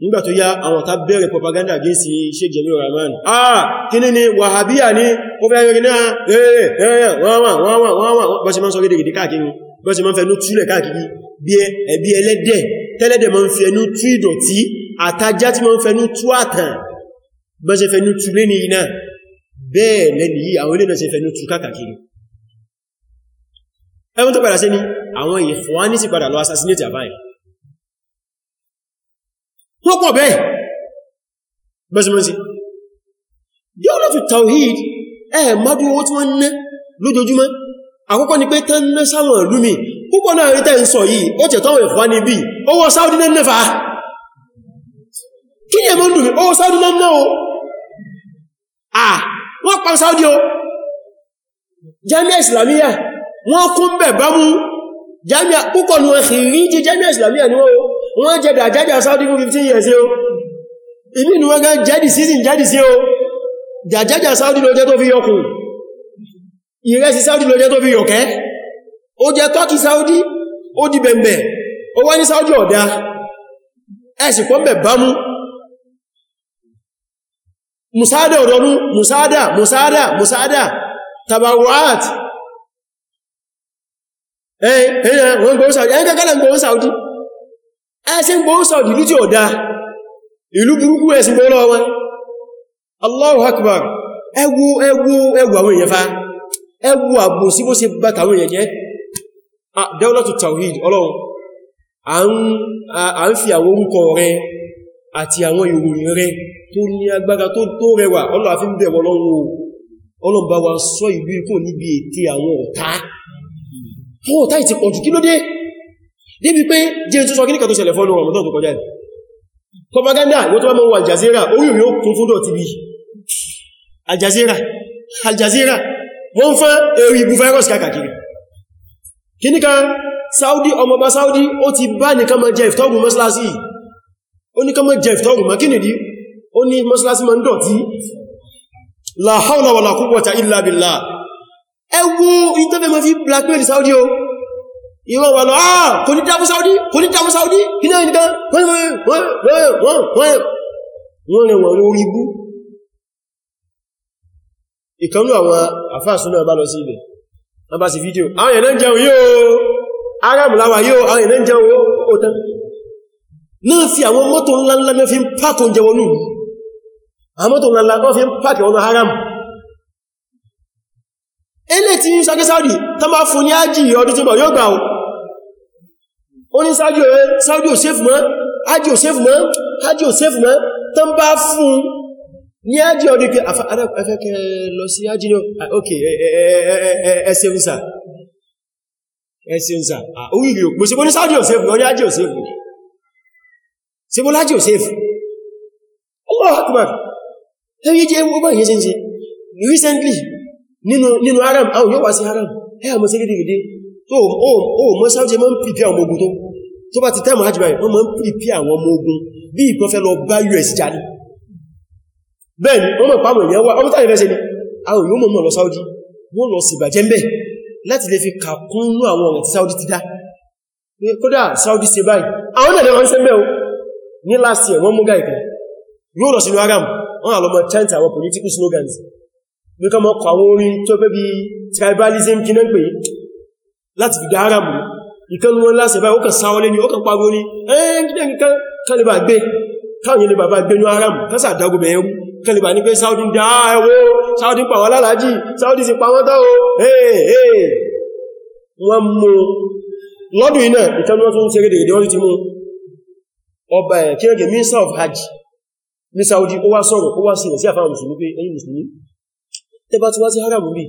nígbà tó yá àwọn tá bẹ̀rẹ̀ propaganda against Sheikh Jamil Rahman ah kí ní ni Wahhabiyya ni ó fẹ́ rẹ̀ náà rẹ̀ rẹ̀ wọ́n wọ́n wọ́n wọ́n wọ́n bọ́sí mọ́ sọ rédè káàkiri bọ́ sí ma ń fẹnú túlẹ̀ káàkiri bí ẹlẹ́dẹ̀ tẹ́lẹ́dẹ̀ ma ń fẹnú tú ìdọ̀tí àtajá tí ma ń fẹnú tú àtàn bọ́ sí fẹnú tú lé ní iná bẹ́ẹ̀ lẹ́ni yìí àwọn ilé bẹ̀sẹ̀ fẹnú tú káàkiri ẹwọ́n tó padà sí ni àwọn ìfọ́ání sì padà lọ assassinate àbáyé wọ́n pọ̀ bẹ́ẹ̀ bọ́ sí ma ń sí yọ́nà tó tawhid ẹ̀ẹ̀ mọ́dún owó tí wọ́n ná lójoojúmọ́ àkọ́kọ́ ni pé tán ná púpọ̀ náà rí tẹ́ ń sọ yìí ó tẹ̀ tọ́wọ̀ ìkwá níbi owó Saudi náà kí ní ẹmọ́ ń owó Saudi náà o à wọ́n pa Saudi o Jamia Islamiyya wọ́n kún bẹ̀ bá mú Jamia púpọ̀ ní wọ́n kìrí Jamia jẹ́ dàjájá Saudi fún 15 years o wọ́n Saudi ló ìrẹsì Saudi ló jẹ́ tó fi yọ̀kẹ́ ó jẹ tọ́kì Saudi ó di bẹ̀m̀bẹ̀ ó wá ní Saudi ọ̀dá ẹ̀sì pọ́m̀bẹ̀ bámú musada ọ̀dọ́mú musada musada musada tabaruat ẹ̀sìn gbóhùn Saudi ìlú tí ọ̀dá ìlú burúkú ẹ̀sìn gbóhùn lọ́wọ́ Allahu akbar ẹgbó ẹgbó ẹgbó àwọn èèyàn fáà ẹwù àbò sí bó se bá tàwọn èèyàn jẹ́ dawlatu tawhid ọlọ́run a ń fi àwọn orúkọ rẹ àti àwọn ìròyìn rẹ tó ní agbára tó tó rẹwà ọlọ́run a fi ń bẹ̀wọ̀ ọlọ́run o ọlọ́run bá wa sọ ìlú kò níbi ète àwọn ọ̀tá àwọn ọ̀tá ìti pọ̀jù kí ló dé débi pé jẹ́ tó propaganda wọ́n tó bá mọ́ wà Al Jazeera orí mi ó kún fúdọ̀ tv Al Jazeera Al Jazeera wọ́n ń fán èrì ibu virus kàkàkiri kíníkà Saudi ọmọba Saudi ó ti bá nìkan ma jẹ ìfẹ́ọ̀gùn mọ́sálásí ó ní kan ma jẹ ìfẹ́ọ̀gùn ma kínìdí ó ní mọ́sálásí ma ń dọ̀tí la hawla wala quwwata illa billah ẹ wo ìtẹ́fẹ́ ma fi blackmail Saudi o ìwọ̀n wà lọ àà ah, kò ní dámú Saudi kò ní dámú Saudi kí náà nìkan wọ́n rẹ̀ wọ́n orí ibú ìkanú àwọn àfáàsúnà bá lọ sí ibẹ̀ wọ́n bá sí fídíò àwọn èèyàn jẹun yóò arábùláwà yóò àwọn èèyàn jẹun ó tán náà fi àwọn mọ́tò ńláńlá mẹ́ fi ń pàkùn jẹun nù àwọn mọ́tò ńláńlá wọ́n fi ń pàkì wọn haram ilé tí sáàdì tó máa fún ní ájì ọdún tó bá fún ní ájí ọdún pé afẹ́kẹ́ lọ sí ájí náà ah, ok ẹsẹ̀un sà ẹsẹ̀un sà oríire òpó síbó ní sáájí òsèfù wọ́n ní ájí òsèfù síbó lájí òsèfù Allahu Akbar ẹ̀rí jẹ́ ọgbà yìí ṣe ń ṣe recently nínú haram àwọn yóò wá sí haram ẹ àmọ́ sí lédè gidi tó o mọ́ sáájí mọ́ ń pìpì àwọn ogun tó bá ti tẹ́mù hajj báyìí wọ́n mọ́ ń pìpì àwọn ọmọ ogun bí ìpọ́fẹ́ lọ bá us jáde bẹ́ẹ̀ni wọ́n mọ̀ pàmò ìyẹn wá ọmọ tàbí fẹ́sẹ̀ ni àwọn yóò mọ̀ lọ Saudi wọ́n lọ sí ìbàjẹ́ mẹ́ láti lè fi kàkúnnú àwọn ọ̀rẹ̀ tí Saudi ti dá kódà Saudi ṣe báyìí àwọn náà wọ́n ṣe mẹ́ o ní last year wọ́n mú gáì kan yóò lọ sínú Haram wọ́n à lọ́mọ chant àwọn political slogans bí kọ́ mọ́ kọ àwọn orin tribalism kí náà pè láti fi dá Haram ìkanu wọn láti báyìí ó kàn sáwọ́ lé ní ó kàn pariwo ní ẹ́ẹ́ kí náà kan lè bá gbé káwọn yẹn lè bàbá gbé ní kẹlìbà ní pé Saudi ń dá ẹwọ́ Saudi ń pàwọ́ lálàájì Saudi sì pàwọ́ tọ́wọ́ hey wọ́n mú lọ́dún iná ìtẹ́lú wọ́n tún ṣeré dèrèdè wọ́n ti mú ọba ẹ̀ kí ẹgẹ̀ minister of hajj ní Saudi ó wá sọ̀rọ̀ ó wá sí ilẹ̀ sí àfáà mùsùlùmí pé ẹ̀yin mùsùlùmí tẹba tí wá sí haram rí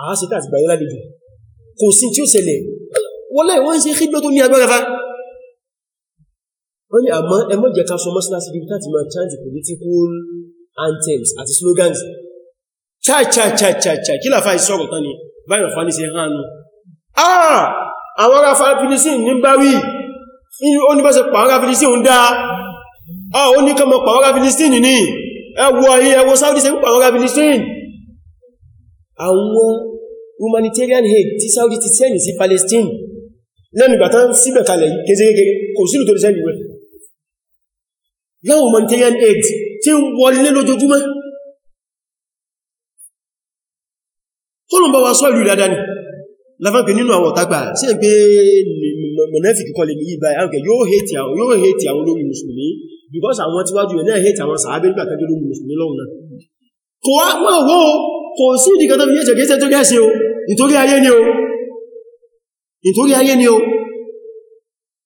àásìtà àti gbàyẹ́ lálejò kò sí tí ó ṣẹlẹ̀ wọ́lẹ̀ wọ́n ṣe kígbẹ́ tó ní agbára fa wọ́n ni àmọ́ anthems àti slogans chai-chai-chai-chai kí làfá ìṣọ́rọ̀ tán ni báyìí fà ní sí hànú àà àwọn ará filisin ní bá wí ó ní bá ṣe pàwọ́rá filisin ń dá ah, ó ní kọmọ pàwọ́rá filisin ní ẹwọ ayé ẹwọ Saudi ṣe ń pàwọ́rá filisin àwọn humanitarian aid tí Saudi ti sẹ́ni sí Palestine lẹ́nu ìgbà tán síbẹ̀ kalẹ̀ kézerékeré kò sílù tó lè sẹ́ni rẹ̀ humanitarian aid tí ń wọlé lójoojúmọ́ kọ́lùn bá wa sọ ìlú ìdádá ni láfáàpẹ̀ nínú àwọn ọ̀tàgbà sí pé mọ̀nẹ́fìkì kọlẹ̀ ní ìbá ẹ̀rùkẹ̀ yóò hate àwọn yóò hate àwọn olórí mùsùlùmí because àwọn tíwájú ẹ̀ náà hate àwọn sàábẹ́ nígbà kan olórí mùsùlùmí lọ́wọ́n náà kò wá wọ́n wó kò sí ìdíkàtà fi yẹ́ jẹ́ gẹ́sẹ̀ tó gẹ́sẹ̀ o nítorí ayé ni o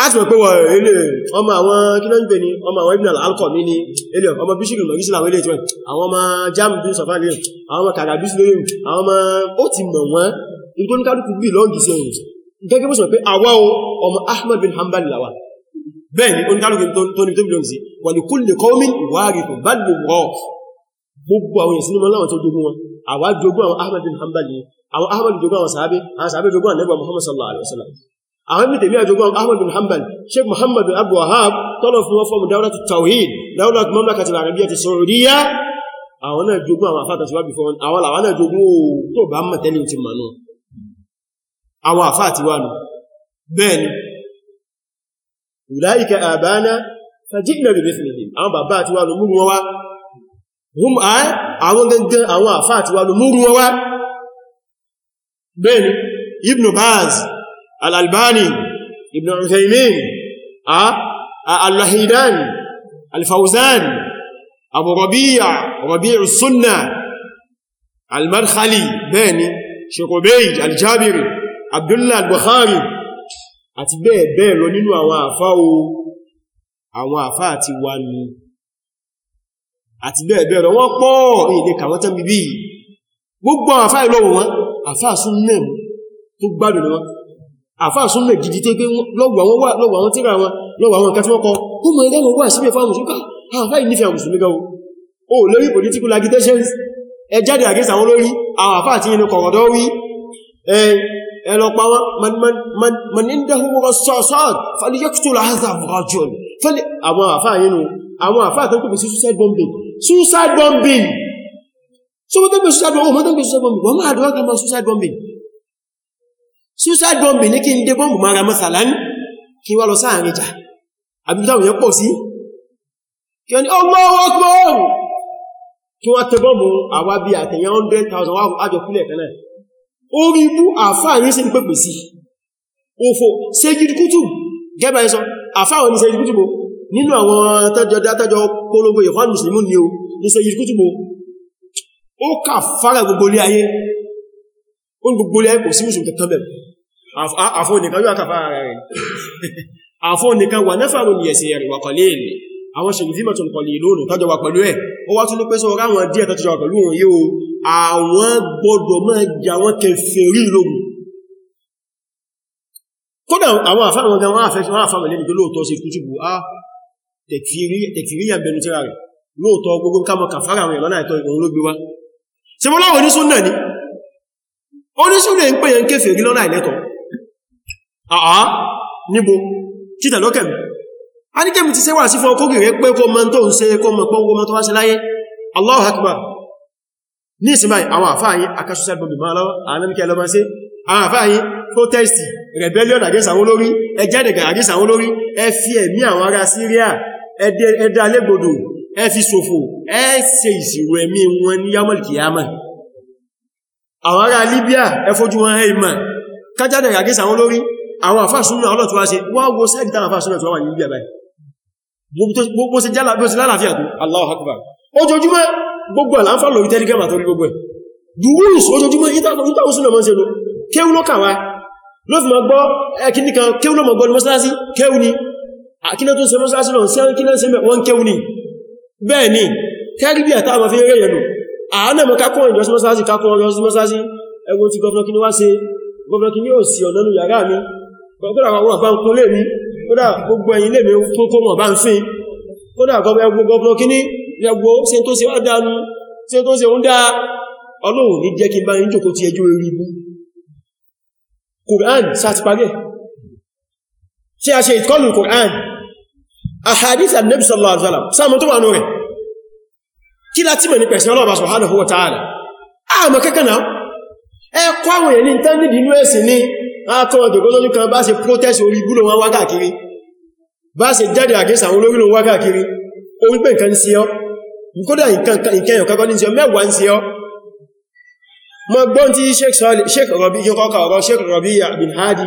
asìmọ̀ pé wọ̀n ilé ọmọ àwọn kílọ́nìpẹ̀ ni ọmọ àwọn ibn al-alqami ni ilé ọmọ bíṣìlù mọ̀ gíṣìlà àwọn ilé ìtìwọ̀n àwọn ọmọ jam bí sọfà lè àwọn ọmọ kàrà bí sílé àwọn ọmọ ó ti mọ̀ wọ́n ní tó ní kálùkù bí lọ́ngì sí ohun gẹ́gẹ́ bó sọ pé àwa o ọmọ ahmad bin hanbal lawa bẹ́ẹ̀ ni oníkálùkù tó ní tó bí lọ́ngì sí wà ní kulli qawmin warithun bá gbogbo gbogbo àwọn èsìn mọ́ láwọn tó jogún wọn àwa jogún àwọn ahmad bin hanbal ni àwọn ahmad jogún àwọn sàábé àwọn sàábé jogún àwọn nẹ́gbà muhammad sallallahu alaihi wasallam àwọn ibi tèmí àjọgbọ́n ahmad bin hanbal sheikh muhammad bin abdul wahab tọ́lọ̀ fún wọ́n fọ́mù dáwọ́lá tawhid dáwọ́lá mamlaka ti larabiya ti saudiya àwọn náà jogún àwọn àfáà tàṣíwá bí fọ́n àwọn àwọn náà jogún tó bá mọ̀ tẹ́lẹ̀ ti mọ̀ náà àwọn àfáà ti wà nù bẹ́ẹ̀ ni àwọn bàbá al-albani ibn uthaymin al-lahidan al-fawzan abu rabi'a rabi'u sunna al-madkhali bẹ́ẹ̀ni shekobeid al-jabiri abdullah al-bukhari àti bẹ́ẹ̀ bẹ́ẹ̀ lọ nínú àwọn àfá o àwọn àfá àti wà ní àti bẹ́ẹ̀ bẹ́ẹ̀ lọ wọ́n pọ̀ èdè kàwọn bíbí gbogbo àfá ìlọ́wọ̀ wọn àfá súnnà tó gbádùn wọn àfáà súnmọ̀ gidi tó pé lọ́wọ́ àwọn tíra wọn lọ́wọ́ àwọn nǹkan tí wọ́n kọ ó mọ̀ ẹgbẹ́ wọn wà síbẹ̀ fáwọn mùsùlùmí ah, àfáà ìnífẹ́ àwọn mùsùlùmí gan o lórí political agitations ẹ jáde against àwọn lórí àwọn àfáà tí inú kọ̀rọ̀dọ́ wí ẹ lọ pa wọn man indahu rassasat falyaqtul hadha ar-rajul fẹ́lẹ̀ àwọn àfáà yìí nù àwọn àfáà tó kùbù sí suicide bombing suicide bombing so wọ́n tó gbé suicide bombing wọ́n máa dọ́wọ́ kan ma suicide bombing suicide bomb ní kí n dé bọ́m̀bù mara mọ́sàlá ní kí wá lọ sáàrin ìjà àbíjáwò yẹn pọ̀ sí kí wọ́n ni Allahu Akbar kí wọ́n tẹ bọ́m̀bù àwá bí àtẹ̀yàn 100,000 wáhùn ájọ kúlẹ̀ kanáà orí ibú àfáàrin sí ń pèpè sí òfò sẹ́jìdìkútù gẹ́bà ẹsọ àfáàrin ní sẹ́jìdìkútù nínú ni o ní sẹ́jìdìkútù ó kà fara gbogbo ilé ayé ó gbogbo ilé ayé kò sí mùsùlùmí kẹtọ́ bẹ̀rẹ̀ àfọ́ nìkan yóò àkàfà rẹ̀ àfọ́ nìkan wà nẹ́fàrún ní ẹ̀sìn ẹ̀rìn wàkọ̀lẹ̀ ilẹ̀ àwọn ṣe ìfíìmọ̀ tó ń kọlì lónù tọ́jọ wà pẹ̀lú ẹ̀ ó wá tún ló pé sọ ráwọn díẹ̀ tọ́jọ wà pẹ̀lú òun yíò àwọn gbọdọ̀ máa jà wọ́n kèfèrí lógun kódà àwọn àfáwọn gan wọ́n àfẹ́ṣẹ́ wọ́n àfáwọn lẹ́nu tó lóòtọ́ ah, ń pè yẹn kèfèrí lọ́nà ìlẹ́tọ̀ọ́ àá níbo títẹ̀ lókẹ̀ a ní kẹ́mù ti sẹ́wà sí fún ọkọ́gì rẹ̀ pé kó mọ́ tó ń se kó mọ́ pọ́wọ́ mọ́ tó wá sí láyé Allahu Akbar ní ìsinmi àwọn àfáàyí akásúsẹ́ gbogbo máa lọ́wọ́ àánẹ́mìkẹ́ lọ́mọ́ sí rebellion against àwọn olórí ẹjẹ́dẹ̀gà against àwọn olórí ẹ fi ẹ̀mí Syria ẹ̀dà lẹ́gbòdò ẹ fi ṣòfò ẹ ṣe ìṣirò ẹ̀mí wọn ní yamal kiyama Libya ẹ fojú wọn ẹ̀ against àwọn olórí àwọn àfáàsúnmọ̀ ọlọ́tún wá sí wá wo sẹ́ẹ̀dì táwọn àfáàsúnmọ̀ tó wà ní ibi àbáyìí gbogbo ṣe jálà bí ó ṣe lálàáfíà tó Allahu Akbar ojoojúmọ́ gbogbo ẹ̀ láǹfà lórí telegram àtorí gbogbo ẹ̀ dùwúrùs ojoojúmọ́ ìtàkùnsúnmọ̀ mọ́ sí ẹnu kéwú ló kàwá ló fi ma gbọ́ ẹkìní kan kéwú ló ma gbọ́ ní mọ́sálásí kéwú ni àkínà tó ń ṣe mọ́sálásí lọ sí àkínà sí wọ́n kéwú ni bẹ́ẹ̀ ni kẹ́rí bí àtà àmàfin rẹ̀ yẹnu àánà mọ́ kákọ́ ìjọ sí mọ́sálásí kákọ́ ọjọ́ sí mọ́sálásí ẹgbẹ́ ti gọ́fúnà kí ni wá ṣe gọ́fúnà kí ni ó sì ọ̀nà nù yàrá mi kódà àwọn àbá ń kún lè ní kódà gbogbo ẹ̀yìn lè mi tún kó mọ̀ bá ń fín kódà gọ́gbọ́ gọ́gbọ́ kíní yẹgbó ṣe tó ṣe wádánu ṣe tó ṣe ń dá ọlọ́run ní jẹ́ kí bá ń sallallahu alaihi wasallam sáàmù tó wà nù rẹ̀ kí láti ta'ala àmọ́ kẹ́kẹ́ náà ẹkọ́ àwọn èèyàn ní tán nídìí àtọ́ ọjọ̀gbọ́ lójú kan bá ṣe protest orí ibú ló wọ́n wá káàkiri bá ṣe jáde àgẹ́sà àwọn olórí ló wá káàkiri orí pé nǹkan sí ọ́ kódà ìkẹyàn kankan ní sí ọ mẹ́wàá ń sí ọ mọ́ gbọ́n tí Sheikh Rabi yọkọ́kà ọ̀rọ̀ Sheikh Rabi bin Hadi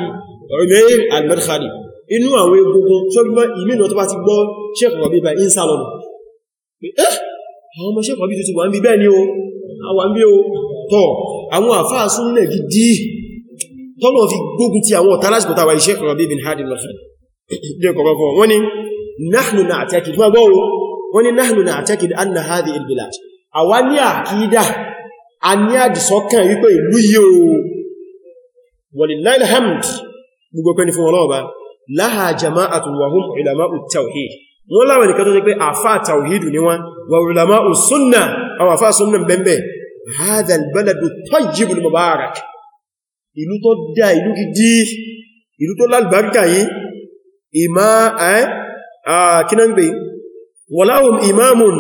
Umair al-Madkhali inú àwọn egungun tó bí mọ́ ìmìnà tó bá ti gbọ́ Sheikh Rabi by insalon eh àwọn ọmọ Sheikh Rabi tó ti wà ń bí bẹ́ẹ̀ ni o àwọn àfáà súnnà gidi tọ́lọ̀ fi gbógun ti àwọn ọ̀tá lásìkò tàwà iṣẹ́ kan Rabi' bin Hadi al-Khali jẹ́ kọ̀kọ́kọ́ wọ́n ni nahnu na'takid ma gbọ́wọ́ wọ́n ni nahnu na'takid anna hadhihi al-bilad àwa ní àkídà a ní àdìsọ́kàn wípé ìlú yíò walillahil hamd gbogbo pẹ́ni fún ọlọ́ọ̀bá laha jama'atu wa hum ulama'u tawhid wọ́n láwọn nìkan tó jẹ́ pé àfá tawhidu ni wọ́n wa ulama'u sunna àwọn àfá sunna bẹ́m̀bẹ̀ hadha al-baladu ìlú tó dá ìlú gidi ìlú tó lálùbáríkà yìí ìmá ẹ́ àkínàgbé wọláhùn imamun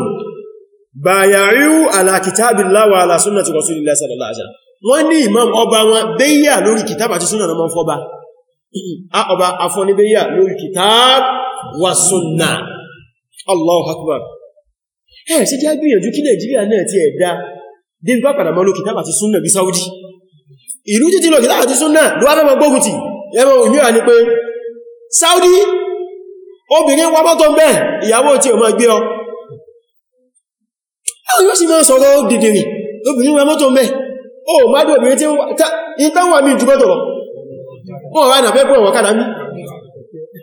bàyàríú ala kitabillahi wa ala sunnati rasulillahi sallallahu alaihi wasallam wọ́n ní imam ọba wọn bẹ́yà lórí kitab àti súnà náà fọ́ba ọba afọ́ni bẹ́yà lórí kitab wa súnà allahu akbar ẹ̀ sí jẹ́ gbìyànjú kí nàìjíríà náà ti ìlú títí lọ kìtàkì tí súnnà ló wáfẹ́ mọ̀ gbógun ti ẹmọ ìmìíràn ni pé Saudi obìnrin wọ́n mọ́tọ̀ bẹ́ ìyàwó tí o máa gbé ọ ẹ̀yọ́ sì máa sọ̀rọ̀ dìdìrì obìnrin wọ́n mọ́tọ̀ bẹ́ o mádù obìnrin tí ń tánwà mí jù mọ́tọ̀ wọ́n wà nàfẹ́pọ̀ wọ́n kádà mí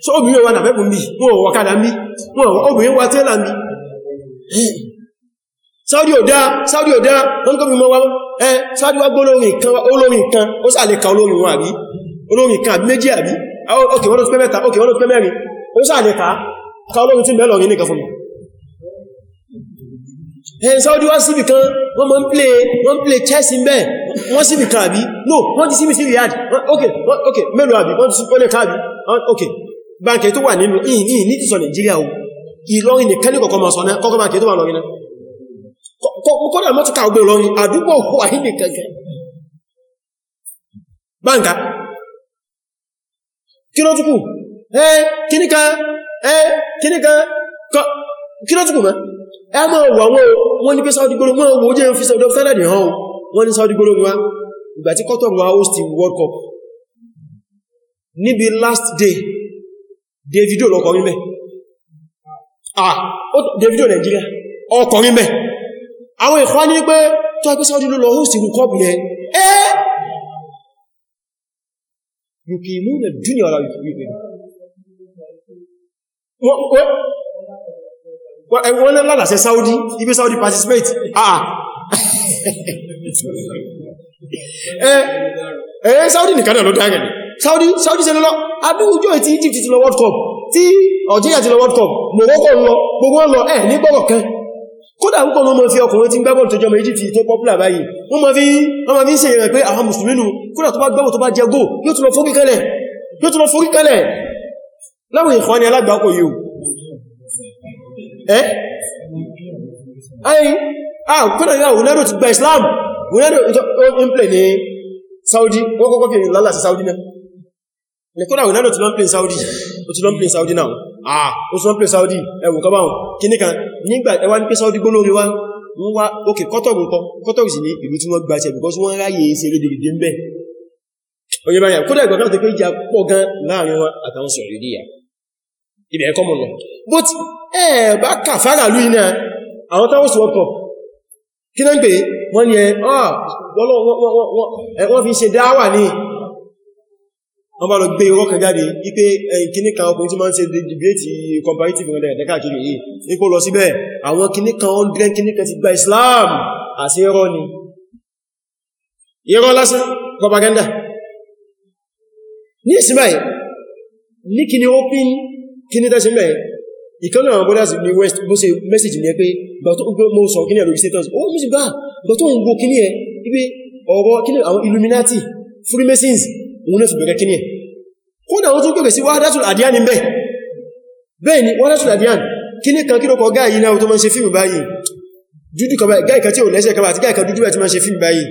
so obìnrin wà nàfẹ́pọ̀ mí wọ́n wà kádà mí Saudi ò dá Saudi ò dá wọ́n kọ́ bí mọ́ wáwọ́ ẹ Saudi wá gbólórin kan olórin kan ó sàlẹ̀ ka olórin wọn àbí olórin kan àbí méjì àbí òkè wọ́n ló pẹ́ mẹ́ta òkè wọ́n ló pẹ́ mẹ́rin ó sàlẹ̀ ka ka olórin tí mẹ́lọrin nìkan fún mi ẹ Saudi wá síbì kan wọ́n mọ́ ń plé wọ́n plé chess bẹ́ wọ́n síbì kan àbí no wọ́n ti síbì sí Riyadh ok ok mẹ́lọ àbí wọ́n ti sí pẹ́lẹ̀ kan àbí ok báńkì tó wà nínú ìhìn ní ìtìsọ̀ Nàìjíríà o Ìlọrin nìkan ní kọ̀kọ́ máa sọ náà kọ́kọ́ báńkì tó wà lọ́rin náà kọ́dà mọ́tíkà ọgbẹ̀ ìlọrin àdúgbò wà ní kẹ̀kẹ́ báǹkà kí ló túnkù ẹ kíníkà ẹ kíníkà kí ló túnkù mẹ́ ẹ mọ́ wà wọ́n wọ́n ní pé Saudi gbogbo wọ́n wọ́n jẹ́ fi Saudi fẹ́lẹ̀ ní hàn wọ́n ní Saudi gbogbo wá ìgbà tí Qatar wá host World Cup níbi last day Davido lọ́kọ̀ mímẹ́ ah Davido Nigeria ọkọ̀ mímẹ́ àwọn ìkwá ní pé tó ẹgbẹ́ Saudi ló lọ hóòsì wùkọ́bù yẹn ẹ́ yùkì mú nà dúnyà ọ̀la yùkì yùkì wọ́n lẹ́ lálàṣẹ Saudi ibi Saudi participate ah, ah. ẹ́ Saudi nìkan náà ló dá gẹ̀ẹ́ Saudi Saudi ṣe lọ adúgbò tí Egypt ti lọ World Cup tí Algeria ti lọ World Cup Morocco lọ gbogbo lọ ẹ̀ nígbọ̀rọ̀ kan kódà púpọ̀ mọ́ mọ́ fi ọkùnrin tí ń gbẹ́bọ̀ tó jọmọ Egypt tó pọ́pùlà báyìí wọ́n mọ́ fi ń ṣe ìrìn pé àwọn mùsùlùmí nù kódà tó bá gbẹ́bọ̀ tó bá jẹ gó yóò tún lọ fórí kalẹ̀ yóò tún láwọn ìkọ́ ni alágbàkò ah kódà yà wùlẹ́rò ti gba Islam wùlẹ́rò ń pè ní Saudi wọ́n kọ́kọ́ fi ìrìn lálà sí Saudi náà kódà wùlẹ́rò ti lọ ń pè Saudi náà ah ó sọ ń Saudi ẹwù kọ báhùn kíní kan nígbà ẹwà ní pé Saudi gbólórí wá wọ́n wá ókè kọ́tọ̀rù nǹkan kọ́tọ̀rù sì ní ìlú tí wọ́n gba ṣe bìkọ́ sí wọ́n ráyè ṣe rédèrèdè ń bẹ̀ oye báyà kódà ìgbà kan tó pé ìjà pọ̀ gan láàrin wọn àtàwọn sọ̀rọ̀ ìdíyà ibẹ̀ ẹ̀kọ́ mọ̀ lọ but ẹ bá kà fara lú iná àwọn táwọn sọ ọkọ̀ kí ni wọ́n bá lọ gbé irọ́ kan jáde wípé kìní kan ọkùnrin tí ma ń ṣe debate comparative rẹ̀ ẹ̀dẹ́ káàkiri yìí nípò lọ síbẹ̀ àwọn kìní kan 100 kìní kan ti gba Islam àti irọ́ ni irọ́ lásán propaganda ní ìsinmẹ̀ ní kìní open kìní tẹ́sí mẹ́ ìkan náà bọ́dá sí west bó ṣe message ní ẹ pé gbà tó gbé mọ́ sọ kìní ẹ̀lórí status ó mú sí gbà gbà tó ń gbó kìní àwọn Illuminati Freemasons òun náà fi kódà wọ́n tún pèpè sí wahdatul adyan níbẹ̀ bẹ́ẹ̀ ni wahdatul adyan kí ní kan kílòkọ̀ gáyìí náà tó mọ́ ṣe fíìmù báyìí dúdú kan báyìí gáyìí kan tí ò lẹ́sẹ̀ kan àti gáyìí kan dúdú àti mọ́ ṣe fíìmù báyìí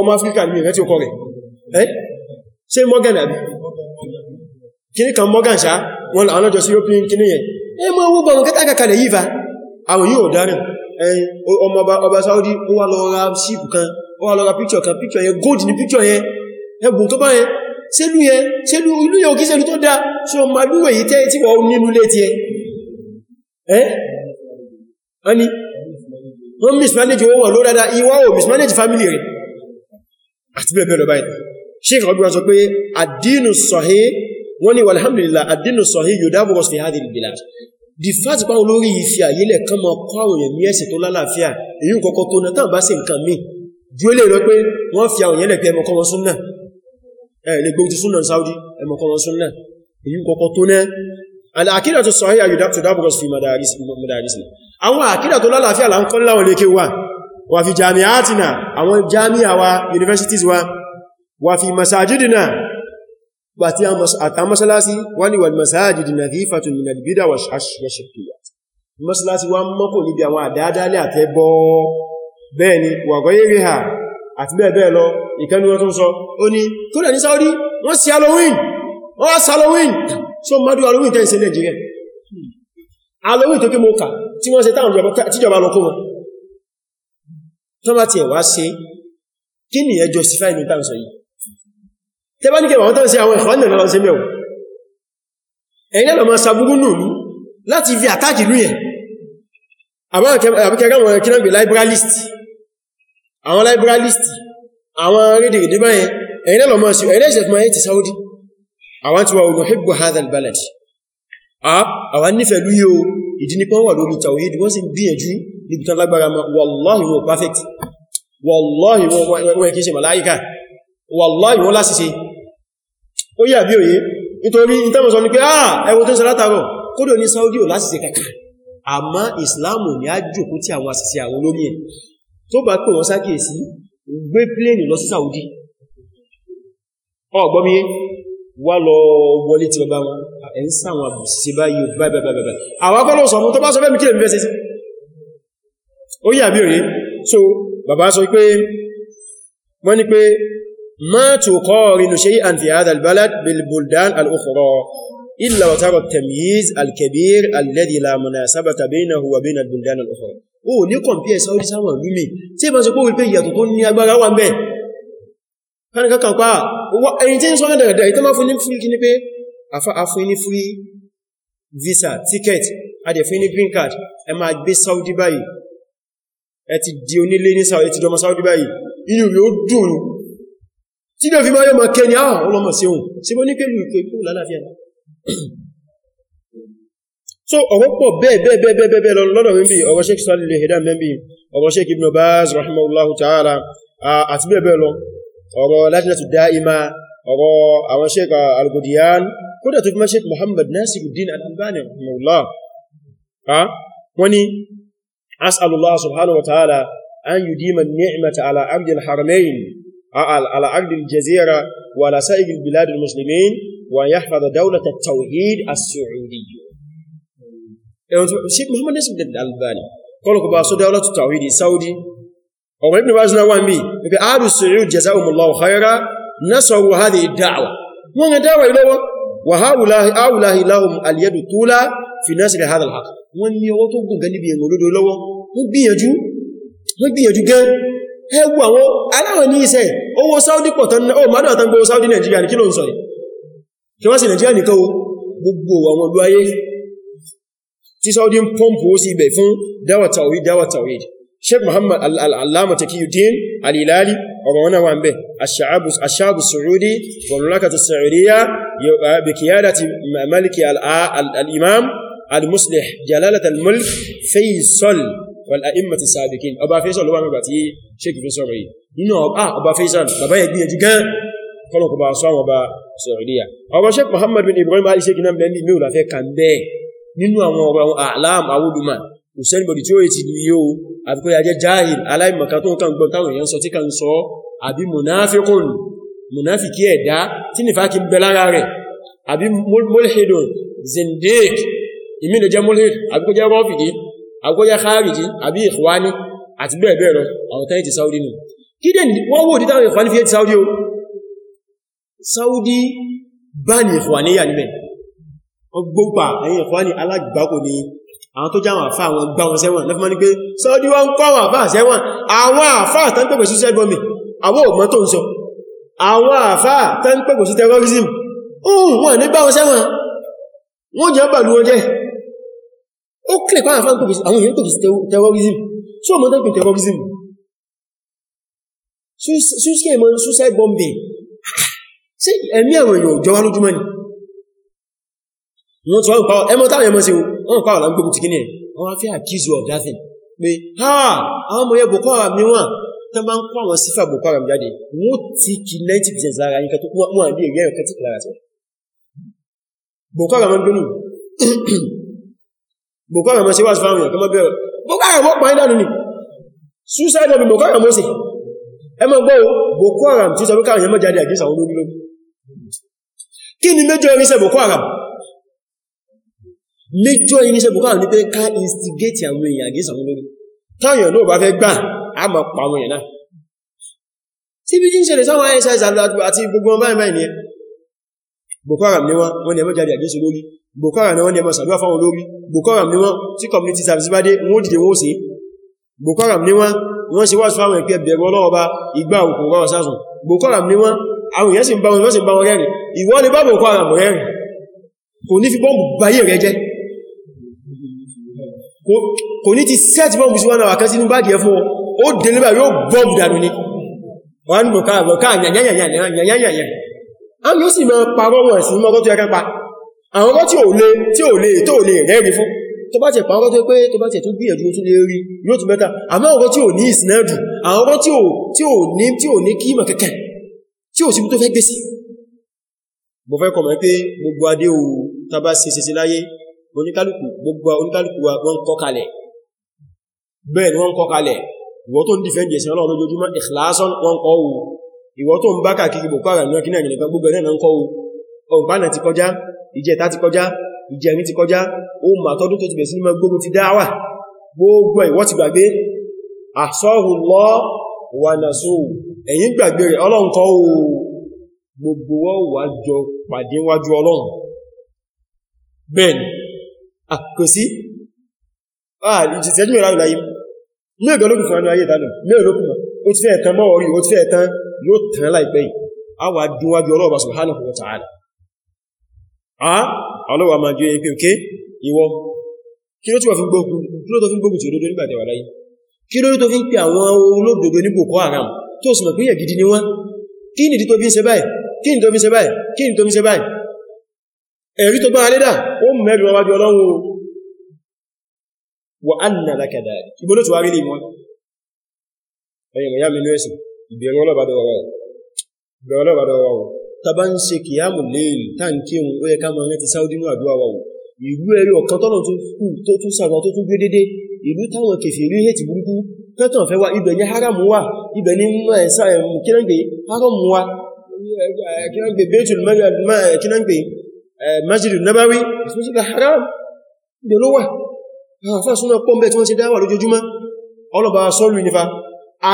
ọmọ Áfíríkà ní ìrẹ́ tí ó kọ rẹ̀ ẹ́ ṣe Morgan àbí kí ní kan Morgan ṣá wọn àwọn ọjọ́ sí European kí ní yẹn ẹ mọ́ owó bọ̀rùn kẹta kalẹ̀ yìí fa àwọn yóò dárin ọmọ ọba Saudi ó wá lọ ra síìpù kan ó wá lọ ra píkṣọ̀ kan píkṣọ̀ yẹn gold ní píkṣọ̀ yẹn ẹbùn tó bá yẹn sẹ́lú yẹn sẹ́lú ìlú yẹn òkí sẹ́lú tó dá ṣe ma lúwẹ̀ yìí tẹ́ tí wọ́n nínú lé ti ẹ ẹ́ ọni wọ́n mismanage owó wọn ló dada ìwọ́ o mismanage family rẹ̀ àti bẹ́ẹ̀ bẹ́ẹ̀ lọ báyìí Sheikh Abdullah sọ pé ad-dinu wọ́n ni walhamdulillah di fásitì pa olórí ìfì àyílẹ̀ kan mọ kọ́ àwọn èèyàn ní ẹ̀sìn tó lálàáfíà èyí kọ̀kọ́ tó náà tàbí bá sí nǹkan míì jú ẹ̀lẹ́ gbogbo súnnà Saudi ẹmọ̀kọ̀mọ̀ súnnà èyí kọ̀kọ̀ tó náà alákídà tó sọ̀hí àyùdábùgọ́ sí madarisna àwọn àkídà tó lálàáfíà láńkọ́ láwọn lékè wà wà fi jami'atina àwọn jami'a wa universities wa wà fi masajidina wà tí a masalasi wani wal masajidi na rifatun min albida wa shirkiyat masalasi wa mako níbi àwọn àdádálẹ̀ àtẹ́bọ́ bẹ́ẹ̀ ni wà gọ́yẹ́ rí ha àti bẹ́ẹ̀ bẹ́ẹ̀ lọ ìkẹnu wọn tó ń sọ ó ní tó lẹ̀ ní Saudi wọ́n sí Halloween wọ́n sí Halloween so mọ́dún Halloween tẹ́ ìsẹ́ Nàìjíríà Halloween tó kí mo kà tí wọ́n ṣe táwọn tíjọba lọ kó wọn tó bá tiẹ̀ wá ṣe kí ni ẹjọ́ sí fáìlì táwọn sọ yìí tẹ́ bá ní kẹwàá tó ń ṣe àwọn ẹ̀kọ́ nìkan lọ sí mẹ́wọ̀ ẹ̀yìn lọ́mọ sàbúrú àwọn liberalist àwọn rédè èdè báyẹn ẹ̀yìn náà lọ mọ́ sí ẹ̀yìn náà ìṣẹ̀fún ayé ti Saudi àwọn tí wà ogun hibbu hadha albalad àwọn nífẹ̀ẹ́ lú yíò ìdí ní pọ́n wà lórí tawhid wọ́n sì gbìyànjú níbi tán lágbára ma wallahi wọn perfect wallahi wọn kìí ṣe màláíkà wallahi wọn láti ṣe ó yà bí òye nítorí ìtàmọ̀sọ ni pé ah ẹwọ tó ń sàrátàrọ̀ kódò ní Saudi ò láti ṣe kàkà àmá ìsìláàmù ni á jòkó tí àwọn àṣìṣe àwọn olómi ẹ̀ tó bá pè wọ́n sákèsí gbé pléènì lọ sí Saudi ọgbọ́mí wà lọ wọlé ti bàbá wọn ẹ̀yìn sáwọn àbùsí báyìí báyìí àwọn akọ́lọ̀ sọ mú tó bá sọ fẹ́ mi kílẹ̀ mẹ́fẹ́ sí ó yà bí òye so bàbá sọ pé wọ́n ni pé ma tuqarinu shay'an fi hadha al-balad bil o ní kọ̀mpíẹ̀ Saudi sáwọn ìlú mi tí ìbá sọ pé wípé ìyàtọ̀ tó ní agbára wà ń bẹ̀ kánikàkà pa ẹni tí ń sọ́rọ̀ dàgbà ìtọ́ máa fún ní fún kí ní pé afún ní free visa ticket adẹ̀ fún ní green card ẹ máa gbé Saudi báyìí ẹ ti di onílé ní Saudi ti dọmọ Saudi báyìí inú rẹ̀ ó dùn tí lè fi máa yọ máa kẹ́ ni àwọn ah, ọlọ́mọ̀ sí ohun sí mo ní pẹ̀lú ìpẹ̀lú lálàáfíà so ọ̀rọ̀ pọ̀ bẹ́ẹ̀bẹ́ẹ̀bẹ́ẹ̀bẹ́ẹ̀ lọ́dọ̀ mi bí ọ̀rọ̀ Sheikh Salih al-Haidan mẹ́ bí ọ̀rọ̀ Sheikh Ibn Baz rahimahullahu ta'ala àti bẹ́ẹ̀bẹ́ẹ̀ lọ ọ̀rọ̀ Lajnatu Da'ima ọ̀rọ̀ àwọn Sheikh al-Godiyan kódà tó fi máa Sheikh Muhammad Nasiruddin al-Albani rahimahullah wọ́n ni as'alullah subhanahu wa ta'ala an yudima ni'mata ala abdi al-haramain ala abdi jazira wa ala sa'id al-bilad al-muslimin wa yahfadha dawlata at-tawhid as-su'udiyyah sheikh muhammad nasir bin albani kọlù kọba sọ dáwọlá tó tàwí di saudi ọ̀rọ̀ ibn baz na wọ́n bí wípé aadu sirri jazakumullahu khaira nasaru hadhihi da'wa wọ́n ga dáwà ilọ́wọ́ wa haulahi lahum alyadu tula fi nasri hadha alhaq wọ́n ní ọwọ́ tó gùn gani bí ẹ̀mọ̀ lódò lọ́wọ́ wọ́n gbìyànjú wọ́n gbìyànjú gan ẹgbù àwọn aláwọ̀ ní iṣẹ́ owó saudi pọ̀ tán ó mọ́dọ̀ tán gbogbo saudi nigeria ní tí saudi ń pọ́mpù ó sí ibẹ̀ fún dáwà tawhid dáwà tawhid sheikh muhammad al'allama takiyuddin alilali ọmọ wọn wà ń bẹ̀ aṣáàbù sa'udi wa mamlakatu sa'udiyya bi qiyadati maliki al'imam al-muslih jalalat al-mulk faisal wal a'immati sabiqin ọba faisal ló wà nígbà tí sheikh faisal rí nínú ah, ọba faisal bàbá yẹ gbìyànjú gan kọlọ̀kọ̀bà sọ́wọ́ ọba sa'udiyya ọba sheikh muhammad bin ibrahim al nínú àwọn ọ̀rọ̀ àwọn àlám àwọ́dùmọ̀ kò sẹ́nìbọ̀dì tí ó rẹ̀ ti ní yóò àfikọ́ ya jẹ́ jahil aláìmọ̀ká tó kàn gbọ́ táwọn èèyàn sọ tí kàn sọ àbí munafikun munafiki ẹ̀dá tí nìfà kí bẹ lára rẹ̀ àbí mulhidun zindik ìmìnà jẹ́ mulhid àbíkọ́ jẹ́ rọ́fìdí àbíkọ́ jẹ́ khariji àbí ikhwani àti bẹ́ẹ̀ bẹ́ẹ̀ lọ àwọn tán ti ọgbópa ẹ̀yìn ẹ̀kọ́ ní alágbàkò ní àwọn tó jáwọn àfá àwọn gbá wọn sẹ́wọ̀n lẹ́fẹ́ mọ́ ní pé sọ́ọ́dí wọ́n ń kọ́ àwọn àfá sẹ́wọ̀n àwọn àfá tán pẹ̀pẹ̀ sí sẹ́gbọ́mì àwọn òmọ́ tó ń sọ àwọn àfá tán pẹ̀pẹ̀ sí terrorism ohun wọn ní gbá wọn sẹ́wọ̀n wọ́n jẹ́ bàlú wọn jẹ́ ó kílẹ̀ pàwọn àfá àwọn èèyàn pẹ̀pẹ̀ sí terrorism sí ọmọ tó pẹ̀ terrorism suicide bombing sí ẹ̀mí àwọn èèyàn òjọwá lójúmọ́ ni wọ́n tí wọ́n pàwọ̀ ẹmọ táwọn ẹmọ sí wọ́n pàwọ̀ láti gbogbo tìkínẹ̀ wọ́n fẹ́ àkízù of that thing pé ha àwọn ọmọ yẹ Boko Haram ní wọ́n tán bá ń kọ́ àwọn sífà Boko Haram jáde wọ́n ti kí 90% lára yíká tó wọ́n àdé ìrẹ́ ẹ̀kẹ́ tí lára sọ Boko Haram ń gbénú Boko Haram sí wáṣí fáwọn ẹ̀kọ́ bẹ̀rẹ̀ Boko Haram wọ́n pàáyé dánú ni suicide of Boko Haram sí ẹ mọ́ gbọ́ Boko Haram tí sọ pé káwọn ẹmọ jáde àgbésà wọn lórí lórí kí ni méjọ orí sẹ Boko Haram méjọ́ irinṣẹ́ bukari ní pé ká instigate àwọn èèyàn àgẹ́sàn lórí táyàn náà bá fẹ́ gbà á mọ̀ pa àwọn èèyàn náà tí bí jí ń ṣẹlẹ̀ sáwọn ẹ̀ṣẹ́ ìsàlẹ̀ àti gbogbo ọmọ ẹ̀mẹ́ ìnìyàn bukari ni wọ́n wọ́n ni ẹmọ́ jáde àgẹ́sàn lórí bukari ni wọ́n ni ẹmọ́ sàdúrà fáwọn lórí bukari ni wọ́n tí community service bá dé wọ́n dìde wọ́n sí bukari ni wọ́n wọ́n ṣe wá sí fáwọn ẹ̀pẹ́ bẹ̀rẹ̀ ọlọ́ọba ìgbà òkú rọrọ̀ sásun bukari ni wọ́n àwọn èèyàn sì ń bá wọn rẹ́rìn ìwọ́n ni bá bukari rẹ́rìn kò ní fi bọ́ọ̀bù báyé rẹ jẹ́ kò ní ti set bọ́m̀bù sí wọ́n àwọn akẹ́sí ní báàdì ẹ fún ọ ó dẹ̀lẹ́bà yóò bọ́m̀bù dànù ní wọ́n ń bọ̀ká àbọ̀ká àyàyàyàyàyàyàyà àwọn yóò sì máa parọ́ wọn sí mọ́kọ́ tó ẹkàn pa àwọn ọkọ́ tí ò lè tí ò lè tó lè rẹ́rí fún tó bá tẹ̀ parọ́ tó pé tó bá tẹ̀ tó gbìyànjú tó lè rí yóò tún mẹ́ta àmọ́ ọkọ́ tí ò ní ìsinádù àwọn ọkọ́ tí ò tí ò ní tí ò ní kíìmọ̀ kẹ́kẹ́ tí ò sí tó fẹ́ gbé sí mo fẹ́ kọ̀mọ̀ pé gbogbo adé o oníkálukú gbogbo oníkálukú wa wọ́n kọ́ kalẹ̀ bẹ́ẹ̀ ni wọ́n kọ́ kalẹ̀ ìwọ tó ń dìfẹ́ǹdì ẹ̀sìn ọlọ́run lójoojúmọ́ ìkìláásán wọ́n kọ́ o ìwọ tó ń bá kàkiri bò fara náà kí náà o ọ̀pánà ti kọjá ìjẹta ti kọjá ìjẹrin ti kọjá ó mà tọ́dún tó ti bẹ̀sí mọ́ gbogbo ti dáwà gbogbo ìwọ ti gbàgbé àsọ́hùnlọ́ wà nà só ẹ̀yìn gbàgbé rẹ̀ ọlọ́run kọ́ o gbogbo wọ́n Ah, kò sí ìṣẹ́jú ìrànlá yìí ní ẹ̀gọ́ lókùn fún ayé ìdánù ní ẹ̀lókùn ó ti fẹ́ ẹ̀tàn mọ́ orí ó ti fẹ́ ẹ̀tàn yóò tàn láìpẹ́ yìí a wà dúnwájú ọlọ́ọ̀bá subhanahu wa ta'ala a ọlọ́wà máa jẹ́ ẹgbẹ́ òkè ìwọ kí ló tó fi gbógun ti òdodo nígbà tẹ̀wà láyé kí ló tó fi ń pè àwọn olódodo ní Boko Haram tó sì mọ̀ pé yẹ̀ gidi ni wọ́n kí nìdí tó fi ń ṣe báyìí kí nìdí tó fi ń ṣe báyìí kí nìdí tó fi ń ṣe báyìí ẹ̀rí tó bá alédà ó mẹ́rin wọn wájú ọlọ́run wọ annà lákàdà ìgbónú tó wá rí ní wọn ẹ̀yìn ya mi lóẹ́sì ìbẹ̀rún ọlọ́bàdọ̀ wọ́wọ́ tàbá ń ṣe kìyàmù lẹ́yìn táǹkíhun ó yẹ ká máa rántí Saudi fẹ́ wá ibẹ̀ ní haramu wà ibẹ̀ ní kínáǹgbé haramu mẹ́rin Eh, masjid nabawi is masjid haram de lo wa fa suna po nbe tí wọ́n ṣe dawa lójoojúmọ́ ọlọ́ba sọ́lù nífà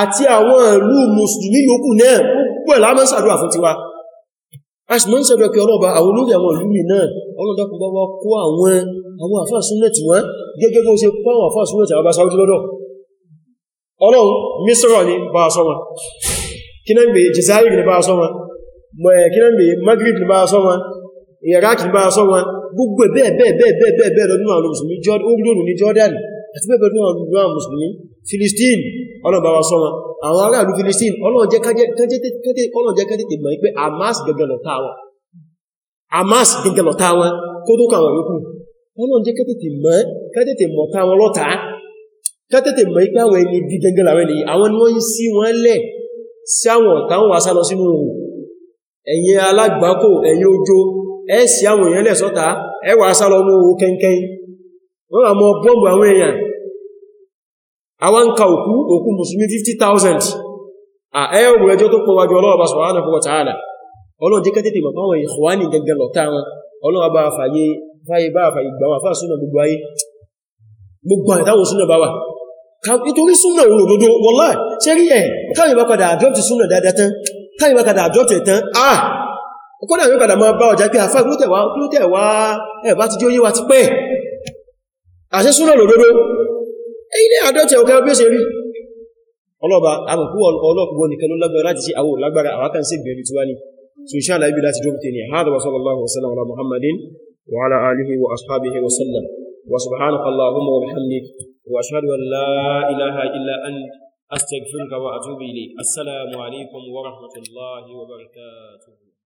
àti àwọn ìlú mùsùlùmí yòókù náà gbogbo ẹ̀ láàmọ́ sàdúwà fún tiwa a sì mọ́ ń sẹ́dọ̀ pé ọlọ́ba àwọn olórí àwọn ìlú mi náà ọlọ́dọ́kùn bá wá kó àwọn àwọn àfáàsúnlẹ̀ tí wọ́n gẹ́gẹ́ bó ṣe kó àwọn àfáàsúnlẹ̀ tí àwọn bá sáwọ́jú lọ́dọ̀ ọlọ́run mísírọ̀ ni bá a sọ́wọ́n kí náà ń bèé jẹ́sáyìrì ni bá a sọ́wọ́n eh, kí náà ń bèé magrib ni bá a sọ́wọ́n iraq ní bá sọ wọn gbogbo bẹ́ẹ̀ bẹ́ẹ̀ bẹ́ẹ̀ bẹ́ẹ̀ bẹ́ẹ̀ bẹ́ẹ̀ lọ nínú àwọn mùsùlùmí jordan ní jordan àti bẹ́ẹ̀ bẹ́ẹ̀ nínú àwọn mùsùlùmí philistine ọlọ́run bá wa sọ wọn àwọn aráàlú philistine ọlọ́run jẹ́ kẹ́tẹ̀tẹ̀ mọ̀ pé hamas gẹ́gẹ́ lọ táwọn hamas gẹ́gẹ́ lọ táwọn kó tó kàwọn yókù ọlọ́run jẹ́ kẹ́tẹ̀tẹ̀ mọ̀ kẹ́tẹ̀tẹ̀ mọ̀ táwọn lọ́ta kẹ́tẹ̀tẹ̀ mọ̀ pé àwọn ẹni bí gẹ́gẹ́ làwọn ẹni àwọn ni wọ́n ń sí wọn lẹ̀ sí àwọn táwọn wà sá lọ sínú ẹ̀yin alágbàákò ẹ̀ẹ́sì àwọn èèyàn lẹ̀ sọ́ta ẹwà sálọ mú owó kẹ́kẹ́ wọ́n wà mọ́ bọ́m̀bù àwọn èèyàn àwọn ń ka òkú òkú musulmi 50,000 ẹ̀ẹ́rùn ẹjọ́ tó pọ̀wàjú ọlọ́ọ̀bá subhanahu wa ta'ala ọlọ́run jẹ́ kẹ́tẹ́tẹ́ mọ̀ fáwọn ìhwani gẹ́gẹ́ lọ̀tá wọn ọlọ́run bá fàyè fàyè bá fàyè gbà wà fáà súnà gbogbo ayé gbogbo àìtáwọn súnà bá wà nítorí súnà òun òdodo wallahi ṣe rí ẹ̀ ah kódà yóò padà máa bá ọjà pé àfá ìgbótẹ̀wà ìgbótẹ̀wà ẹ̀bá ti jí oyé wa ti pẹ́ àṣẹ súnà lòdòdó ilé àdọ́tẹ̀ ọkẹ́ bí ó ṣe rí ọlọ́ba àmàkúwọ̀ ọlọ́pùgbọ́ nìkan ló lágbára láti ṣe àwò lágbára àwákan sí gbẹ̀rẹ̀ tíwá ní so insha Allah ibi láti jókù tẹ́ ni hada wa sallallahu wa sallam ala muhammadin wa ala alihi wa ashabihi wa sallam wa subhanaka allahumma wa bihamdik wa ashhadu an la ilaha illa ant astaghfiruka wa atubu ilayk assalamu alaikum wa rahmatullahi wa barakatuh